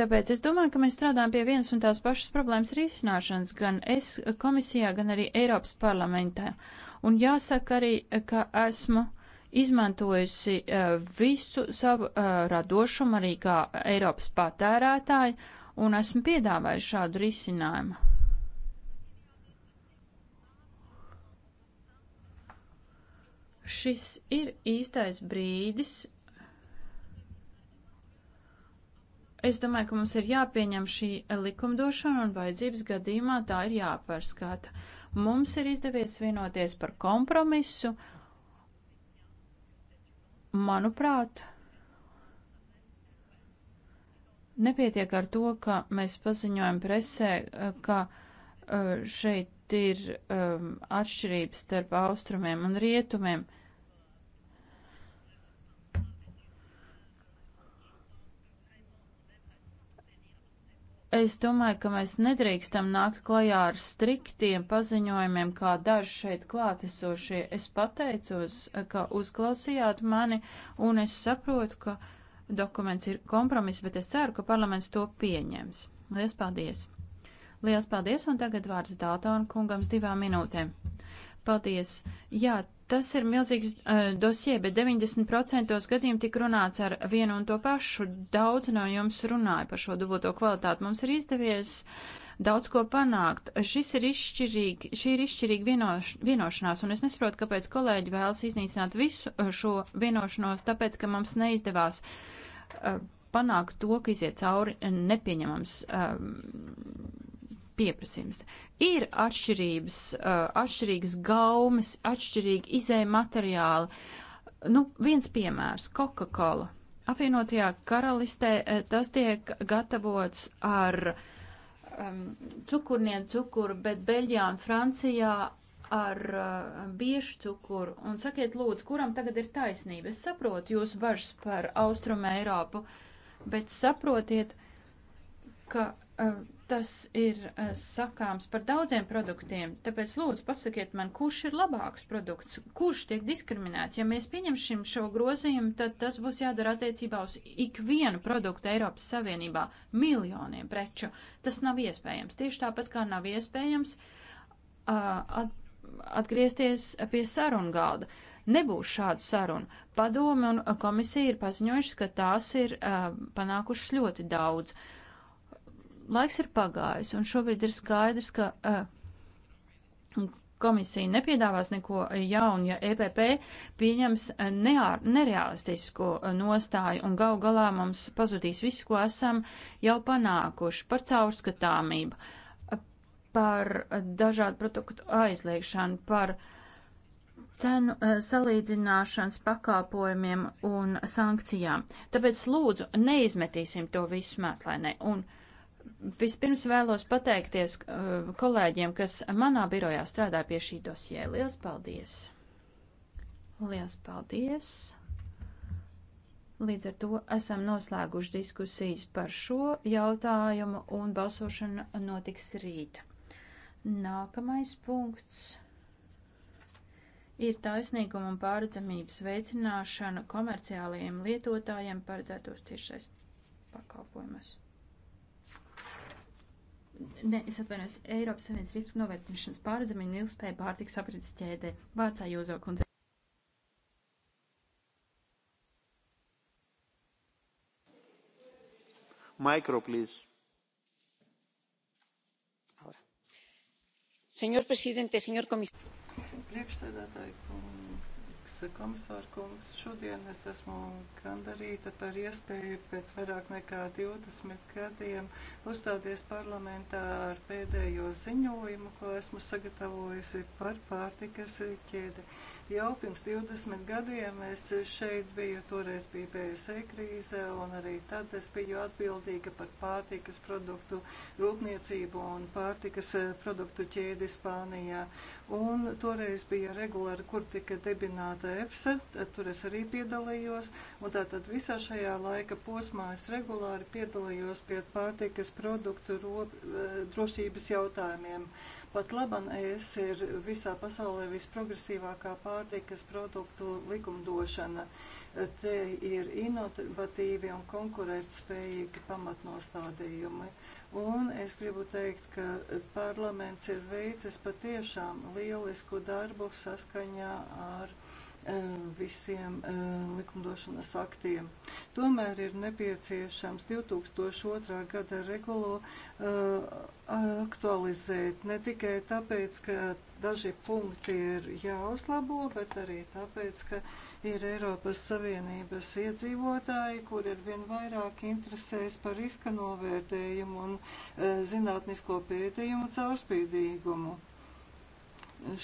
Speaker 5: Tāpēc es domāju, ka mēs strādājam pie vienas un tās pašas problēmas risināšanas gan es komisijā, gan arī Eiropas parlamentā. Un jāsaka arī, ka esmu izmantojusi uh, visu savu uh, radošumu arī kā Eiropas patērētāju un esmu piedāvājis šādu risinājumu. Šis ir īstais brīdis. Es domāju, ka mums ir jāpieņem šī likumdošana un vajadzības gadījumā tā ir jāpārskata. Mums ir izdevies vienoties par kompromisu. Manuprāt, Nepietiek ar to, ka mēs paziņojam presē, eh, ka eh, šeit ir eh, atšķirības starp austrumiem un rietumiem. Es domāju, ka mēs nedrīkstam nākt klajā ar striktiem paziņojumiem, kā daži šeit klātesošie. Es pateicos, ka uzklausījāt mani, un es saprotu, ka Dokuments ir kompromiss, bet es ceru, ka parlaments to pieņems. Lielas paldies! Lielas paldies, un tagad vārds Daltona kungams divām minūtēm. Paldies! Jā, tas ir milzīgs uh, dosie, bet 90% gadījumu tik runāts ar vienu un to pašu. Daudz no jums runāja par šo dubulto kvalitāti. Mums ir izdevies daudz ko panākt. Šis ir izšķirīgi, šī ir izšķirīga vienoš, vienošanās, un es nesaprotu, kāpēc kolēģi vēlas iznīcināt visu eh, šo vienošanos, tāpēc, ka mums neizdevās. Uh, Eh, panākt to, ka iziet cauri nepieņemams eh, pieprasījums. Ir atšķirības, eh, atšķirīgas gaumes, atšķirīgi izēja materiāli. Nu, viens piemērs - Coca-Cola. Apvienotajā karalistē tas tiek gatavots ar um, ehm, cukurnienu cukuru, bet Beļģijā un Francijā ar uh, biešu cukuru. Un sakiet, lūdzu, kuram tagad ir taisnība? Es saprotu jūsu bažas par Austrumu Eiropu, bet saprotiet, ka uh, tas ir uh, sakāms par daudziem produktiem. Tāpēc, lūdzu, pasakiet man, kurš ir labāks produkts, kurš tiek diskriminēts. Ja mēs pieņemsim šo grozījumu, tad tas būs jādara attiecībā uz ikvienu produktu Eiropas Savienībā - miljoniem preču. Tas nav iespējams. Tieši tāpat kā nav iespējams. Uh, atgriezties pie sarunu galda. Nebūs šādu sarunu. Padome un komisija ir paziņojušas, ka tās ir uh, panākušas ļoti daudz. Laiks ir pagājis, un šobrīd ir skaidrs, ka uh, komisija nepiedāvās neko jaunu, ja EPP pieņems neār, nerealistisko nostāju un gau galā mums pazudīs visu, ko esam jau panākuši par caurskatāmību. Uh, par dažādu produktu aizliekšanu, par cenu eh, salīdzināšanas pakāpojumiem un sankcijām. Tāpēc lūdzu, neizmetīsim to visu mēslainē. Un vispirms vēlos pateikties eh, kolēģiem, kas manā birojā strādā pie šī dosijai. Lielas paldies! Lielas paldies! Līdz ar to esam noslēguši diskusijas par šo jautājumu un balsošana notiks rīt. Nākamais punkts ir taisnīguma un pārredzamības veicināšana komerciālajiem lietotājiem paredzētos tiešais pakalpojumus. Ne, es atvainojos, Eiropas Savienības risku novērtināšanas pārredzamība un ilgspēja pārtiks aprits ķēdē. Vārdsā Jūzo kundze.
Speaker 1: Micro, please.
Speaker 3: Senjor prezidente, senjor komisār. Priekšsēdētāji kungs, komisār kungs, šodien es esmu gandarīta par iespēju pēc vairāk nekā 20 gadiem uzstāties parlamentā ar pēdējo ziņojumu, ko esmu sagatavojusi par pārtikas ķēdi. Jau pirms 20 gadiem es šeit biju, toreiz bija PSE krīze, un arī tad es biju atbildīga par pārtikas produktu rūpniecību un pārtikas eh, produktu ķēdi Spānijā. Un toreiz bija regulāri, kur tika debināta EFSA, tur es arī piedalījos, un tātad visā šajā laika posmā es regulāri piedalījos pie pārtikas produktu rop, eh, drošības jautājumiem. Uh, Pat laban es ir visā pasaulē visprogresīvākā pārtikas produktu likumdošana. Te ir inovatīvi un konkurētspējīgi pamatnostādījumi. Un es gribu teikt, ka parlaments ir veicis patiešām lielisku darbu saskaņā ar visiem likumdošanas aktiem. Tomēr ir nepieciešams 2002. gada regulo aktualizēt ne tikai tāpēc, ka daži punkti ir jāuzlabo, bet arī tāpēc, ka ir Eiropas Savienības iedzīvotāji, kur ir vien vairāk interesēs par riska novērtējumu un zinātnisko pētījumu caurspīdīgumu.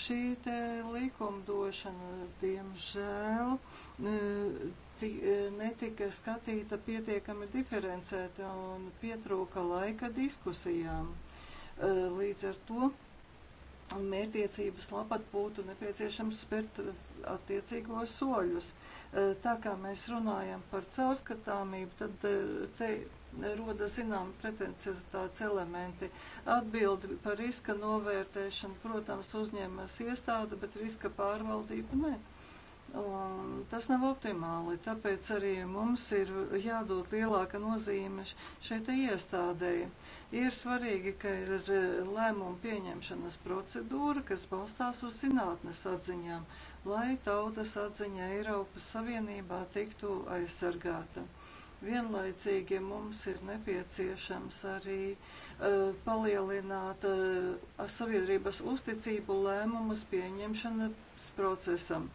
Speaker 3: Šī te likumdošana, diemžēl, e, e, netika skatīta pietiekami diferencēta un pietrūka laika diskusijām. E, līdz ar to mērķtiecības labad būtu nepieciešams spērt attiecīgos soļus. Tā kā mēs runājam par caurskatāmību, tad te roda zinām pretenciozitātes elementi. Atbildi par riska novērtēšanu, protams, uzņēmas iestāde, bet riska pārvaldība nē. Un tas nav optimāli, tāpēc arī mums ir jādod lielāka nozīme šai iestādēji. Ir svarīgi, ka ir lēmumu pieņemšanas procedūra, kas balstās uz zinātnes atziņām, lai tautas atziņa Eiropas Savienībā tiktu aizsargāta. Vienlaicīgi mums ir nepieciešams arī uh, palielināt uh, sabiedrības uzticību lēmumus pieņemšanas procesam.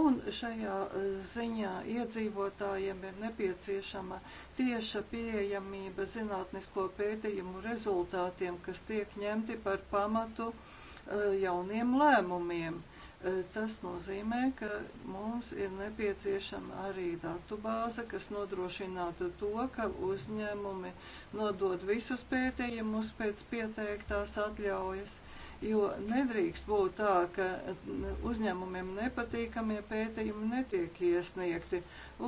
Speaker 3: Un šajā e, ziņā iedzīvotājiem ir nepieciešama tieša pieejamība zinātnisko pētījumu rezultātiem, kas tiek ņemti par pamatu jauniem lēmumiem. E, tas nozīmē, ka mums ir nepieciešama arī datubāze, kas nodrošinātu to, ka uzņēmumi nodod visus pētījumus pēc pieteiktās atļaujas, jo nedrīkst būt tā, ka uzņēmumiem nepatīkamie pētījumi netiek iesniegti,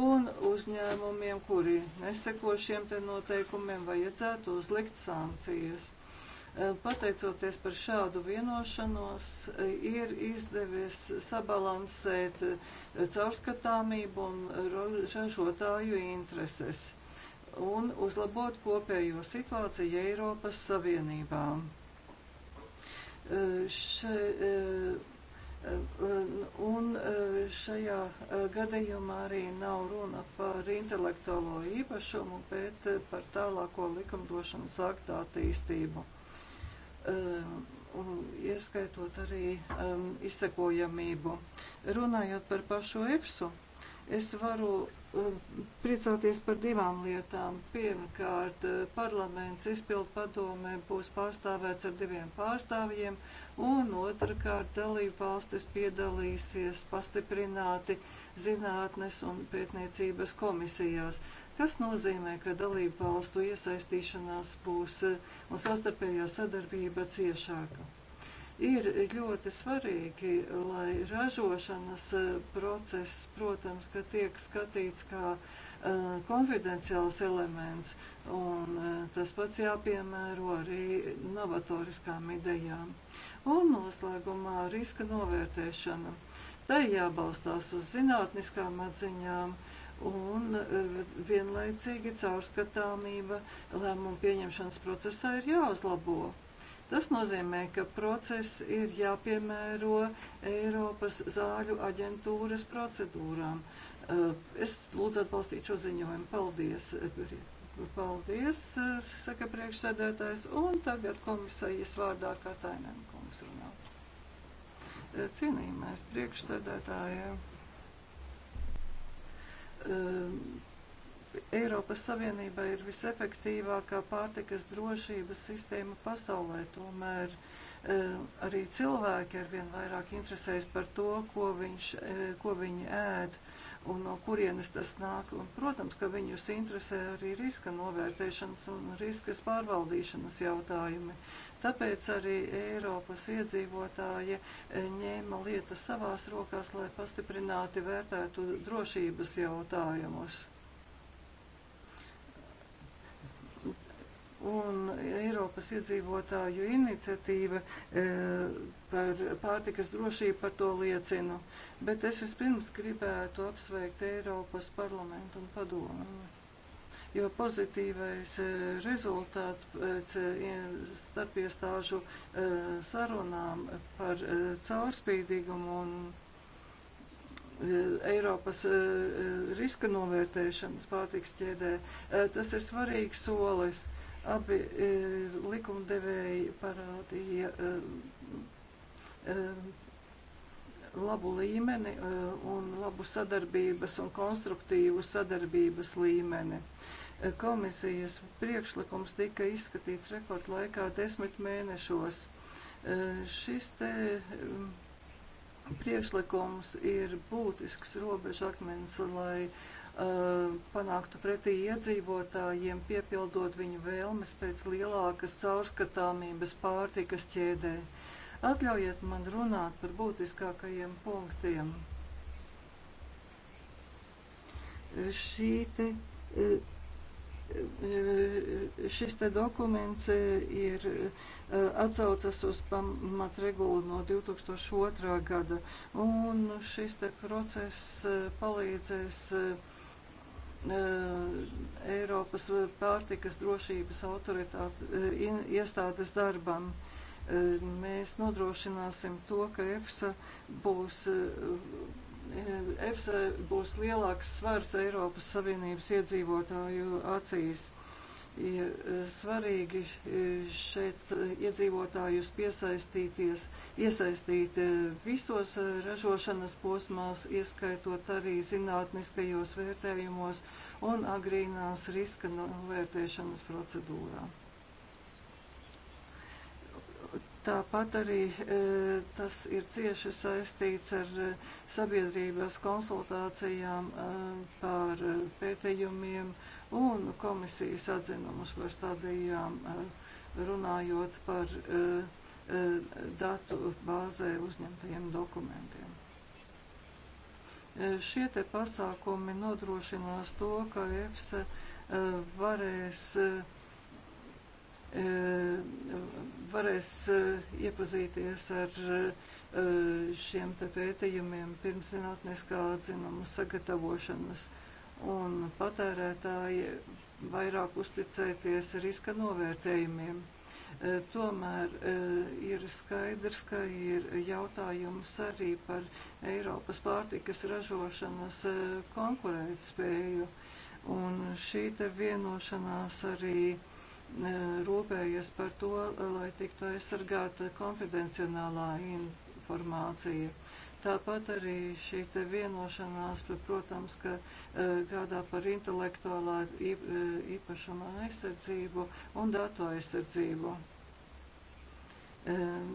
Speaker 3: un uzņēmumiem, kuri neseko šiem te noteikumiem, vajadzētu uzlikt sankcijas. Eh, pateicoties par šādu vienošanos, eh, ir izdevies sabalansēt eh, caurskatāmību un ražotāju intereses un uzlabot kopējo situāciju Eiropas Savienībā. Še, Un šajā gadījumā arī nav runa par intelektuālo īpašumu, bet par tālāko likumdošanas aktu attīstību. Um, ieskaitot arī um, izsekojamību. Runājot par pašu EFSU, es varu priecāties par divām lietām. Pirmkārt, parlaments izpildu padomē būs pārstāvēts ar diviem pārstāvjiem, un otrkārt, dalību valstis piedalīsies pastiprināti zinātnes un pētniecības komisijās, kas nozīmē, ka dalību valstu iesaistīšanās būs un savstarpējā sadarbība ciešāka ir ļoti svarīgi, lai ražošanas eh, process, protams, ka tiek skatīts kā uh, konfidenciāls elements, un uh, tas pats jāpiemēro arī novatoriskām idejām. Un noslēgumā riska novērtēšana. Tai jābalstās uz zinātniskām atziņām un vienlaicīgi caurskatāmība lēmumu pieņemšanas procesā ir jāuzlabo. Tas nozīmē, ka process ir jāpiemēro Eiropas zāļu aģentūras procedūrām. Eh, es lūdzu atbalstīt šo ziņojumu. Paldies! Eh, paldies, eh, saka priekšsēdētājs, un tagad komisijas vārdā Katainēm kungs runā. Cienījumais priekšsēdētājiem Eiropas Savienība ir visefektīvākā pārtikas drošības sistēma pasaulē. Tomēr e, arī cilvēki arvien vairāk interesējas par to, ko, viņš, e, ko viņi ēd un no kurienes tas nāk. Un, protams, ka viņus interesē arī riska novērtēšanas un riskas pārvaldīšanas jautājumi. Tāpēc arī Eiropas iedzīvotāji e, ņēma lietas savās rokās, lai pastiprināti vērtētu drošības jautājumus. un Eiropas iedzīvotāju iniciatīva e, par pārtikas drošību par to liecina. Bet es vispirms gribētu apsveikt Eiropas parlamentu un padomu. Jo pozitīvais e, rezultāts pēc e, starpiestāžu sarunām par caurspīdīgumu un Eiropas riska novērtēšanas pārtiks ķēdē, tas ir svarīgs solis Abi e, likumdevēji parādīja e, e, labu līmeni un labu sadarbības un konstruktīvu sadarbības līmeni. Komisijas priekšlikums tika izskatīts rekordlaikā desmit mēnešos. Šis te priekšlikums ir būtisks robežakmens, lai Eh, panāktu pretī iedzīvotājiem, piepildot viņu vēlmes pēc lielākas caurskatāmības pārtikas ķēdē. Atļaujiet man runāt par būtiskākajiem punktiem. Šī te, eh, šis te dokuments ir eh, atsaucas uz pamatregulu no 2002. gada, un šis te process palīdzēs Eh, Eiropas pārtikas drošības eh, iestādes darbam. Eh, mēs nodrošināsim to, ka EFSA būs, EFSA būs lielāks svars Eiropas Savienības iedzīvotāju acīs ir e, svarīgi e, šeit e, iedzīvotājus piesaistīties, iesaistīt visos ražošanas posmās, ieskaitot arī zinātniskajos vērtējumos un agrīnās riska novērtēšanas procedūrā. Tāpat arī e, tas ir cieši saistīts ar e, sabiedrības konsultācijām e, par pētījumiem un komisijas atzinumus par stadijām, runājot par datu bāzē uzņemtajiem dokumentiem. Šie te pasākumi nodrošinās to, ka EFSA varēs uh, E, varēs e, iepazīties ar e, šiem te pētījumiem pirms zinātniskā atzinuma sagatavošanas. Un patērētāji vairāk uzticēties riska novērtējumiem. Tomēr ir skaidrs, ka ir jautājums arī par Eiropas pārtikas ražošanas konkurētspēju. Un šī te vienošanās arī uh, E, rūpējies par to, lai tiktu aizsargāta konfidencionālā informācija. Tāpat arī šī te vienošanās, protams, ka e, gādā par intelektuālā e, īpašuma aizsardzību un datu aizsardzību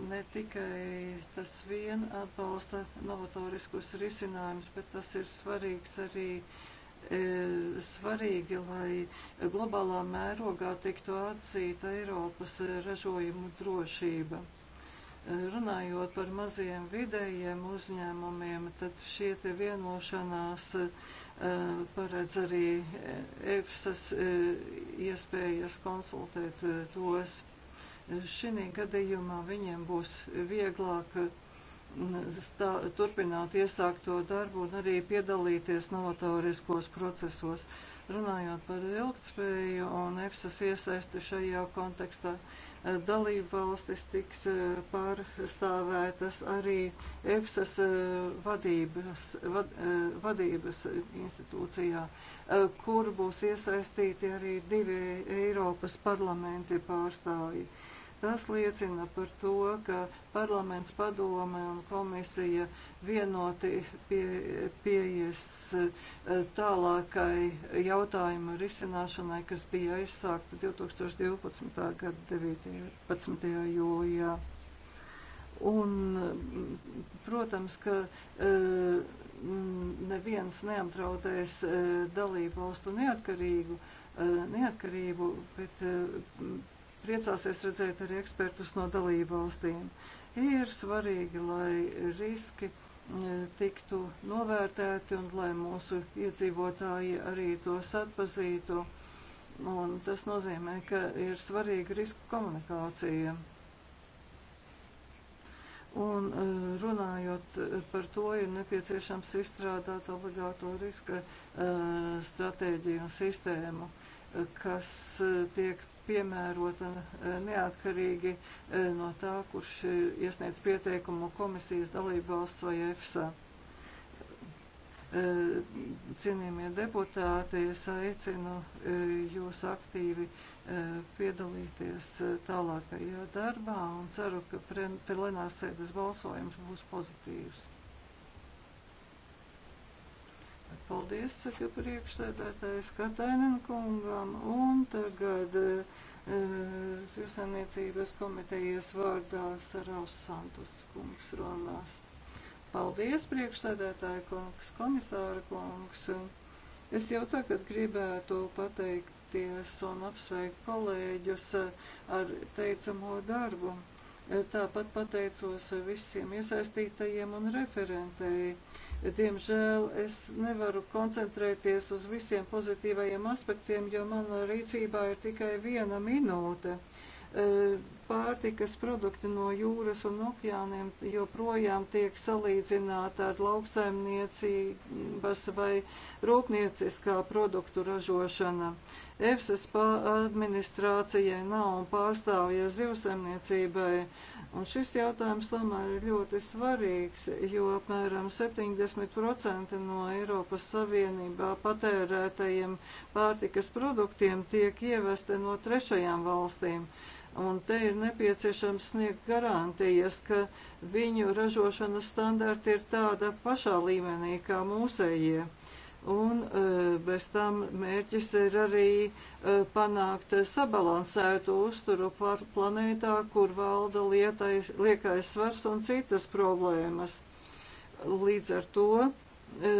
Speaker 3: ne tikai tas vien atbalsta novatoriskus risinājumus, bet tas ir svarīgs arī uh, E, svarīgi, lai globālā mērogā tiktu atzīta Eiropas ražojumu drošība. E, runājot par maziem vidējiem uzņēmumiem, tad šie te vienošanās e, paredz arī EFSAS iespējas konsultēt tos. Šī gadījumā viņiem būs vieglāk Eh, stā, turpināt iesākto darbu un arī piedalīties novatoriskos procesos. Runājot par ilgtspēju un EFSAS iesaisti šajā kontekstā, eh, dalību valstis tiks eh, pārstāvētas arī EFSAS vadības, vad, vadības institūcijā, kur būs iesaistīti arī divi Eiropas parlamenti pārstāvji. Tas liecina par to, ka parlaments, padome un komisija vienoti pie, pieies e, tālākai jautājuma risināšanai, kas bija aizsākta 2012. gada 19. jūlijā. Un, protams, ka e, neviens neapdraudēs e, dalību valstu neatkarību, neatkarību, bet priecāsies redzēt arī ekspertus no dalību valstīm. Ir svarīgi, lai riski mm, tiktu novērtēti un lai mūsu iedzīvotāji arī tos atpazītu. Un tas nozīmē, ka ir svarīga riska komunikācija. Un eh, runājot par to, ir nepieciešams izstrādāt obligāto riska eh, stratēģiju un sistēmu, kas eh, tiek piemērota eh, neatkarīgi eh, no tā, kurš eh, iesniedz pieteikumu komisijas dalību valsts vai EFSA. Cienījamie deputāti, es aicinu jūs aktīvi piedalīties tālākajā darbā un ceru, ka plenārsēdes balsojums būs pozitīvs. Paldies, saka priekšsēdētājs Katainen kungam. Un tagad e, zivsaimniecības komitejas vārdā Saraus Santus kungs runās. Paldies, priekšsēdētāja kungs, komisāra kungs. Es jau tagad gribētu pateikties un apsveikt kolēģus ar teicamo darbu. Tāpat pateicos visiem iesaistītajiem un referentēji. Diemžēl es nevaru koncentrēties uz visiem pozitīvajiem aspektiem, jo manā rīcībā ir tikai viena minūte. E, pārtikas produkti no jūras un okeāniem joprojām tiek salīdzināti ar lauksaimniecības vai rūpnieciskā produktu ražošana. EFSAS administrācijai nav un pārstāvja zivsaimniecībai Un šis jautājums tomēr ir ļoti svarīgs, jo apmēram 70% no Eiropas Savienībā patērētajiem pārtikas produktiem tiek ievesti no trešajām valstīm. Un te ir nepieciešams sniegt garantijas, ka viņu ražošanas standarti ir tāda pašā līmenī kā mūsējie un e, bez tam mērķis ir arī e, panākt sabalansētu uzturu planētā, kur valda lietais, liekais svars un citas problēmas. Līdz ar to e,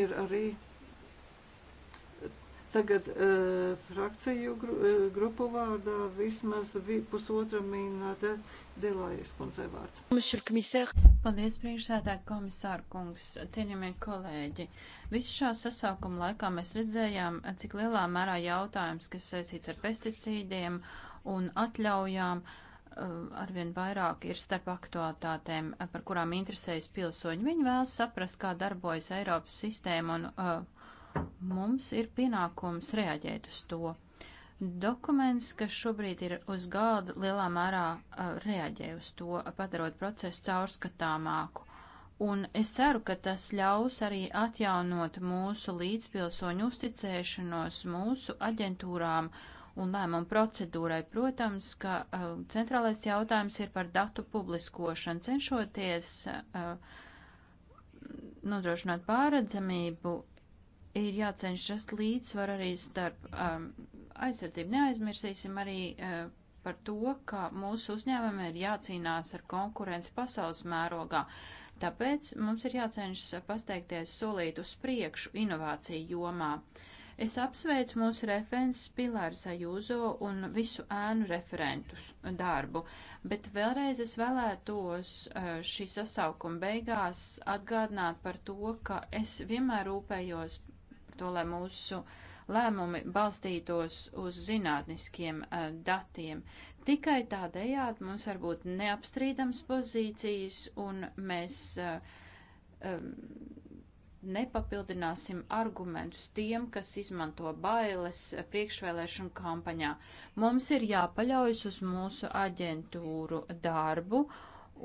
Speaker 3: ir arī tagad frakciju grupu vārdā vismaz vi, pusotra minūte Dilājas kundzei
Speaker 5: vārds. Paldies, priekšsēdētāji komisāra kungs, cienījamie kolēģi. Visu šā sasaukuma laikā mēs redzējām, cik lielā mērā jautājums, kas saistīts ar pesticīdiem un atļaujām, eh, arvien vairāk ir starp aktuālitātēm, eh, par kurām interesējas pilsoņi. Viņi vēlas saprast, kā darbojas Eiropas sistēma, un uh, mums ir pienākums reaģēt uz to. Dokuments, kas šobrīd ir uz galda, lielā mērā reaģē uz to, padarot procesu caurskatāmāku. Un es ceru, ka tas ļaus arī atjaunot mūsu līdzpilsoņu uzticēšanos mūsu aģentūrām un lēmumu procedūrai. Protams, ka uh, centrālais jautājums ir par datu publiskošanu, cenšoties uh, nodrošināt pāredzamību, ir jācenšas rast līdzsvar arī starp um, aizsardzību. Neaizmirsīsim arī uh, par to, ka mūsu uzņēmumi ir jācīnās ar konkurenci pasaules mērogā. Tāpēc mums ir jācenšas pasteikties solīt uz priekšu inovāciju jomā. Es apsveicu mūsu referents Pilārs Ajūzo un visu ēnu referentus darbu, bet vēlreiz es vēlētos uh, šī sasaukuma beigās atgādināt par to, ka es vienmēr rūpējos to, lai mūsu lēmumi balstītos uz zinātniskiem uh, datiem. Tikai tādējādi mums var būt neapstrīdams pozīcijas un mēs uh, um, nepapildināsim argumentus tiem, kas izmanto bailes eh, priekšvēlēšanu kampaņā. Mums ir jāpaļaujas uz mūsu aģentūru darbu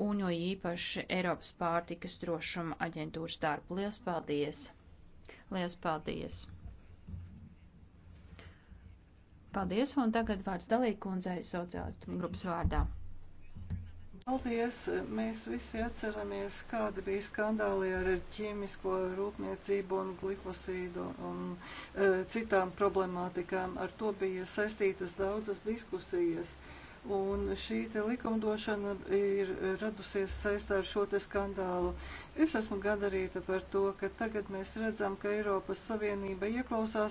Speaker 5: un jo īpaši Eiropas pārtikas drošuma aģentūras darbu. Lielas paldies! Lielas paldies! Paldies, un tagad vārds dalīkundzei sociālistu grupas vārdā.
Speaker 3: Paldies! Mēs visi atceramies, kāda bija skandāli ar ķīmisko rūpniecību un glifosīdu un e, citām problemātikām. Ar to bija saistītas daudzas diskusijas. E, un šī te likumdošana ir radusies saistā ar šo te skandālu. Es esmu gadarīta par to, ka tagad mēs redzam, ka Eiropas Savienība ieklausās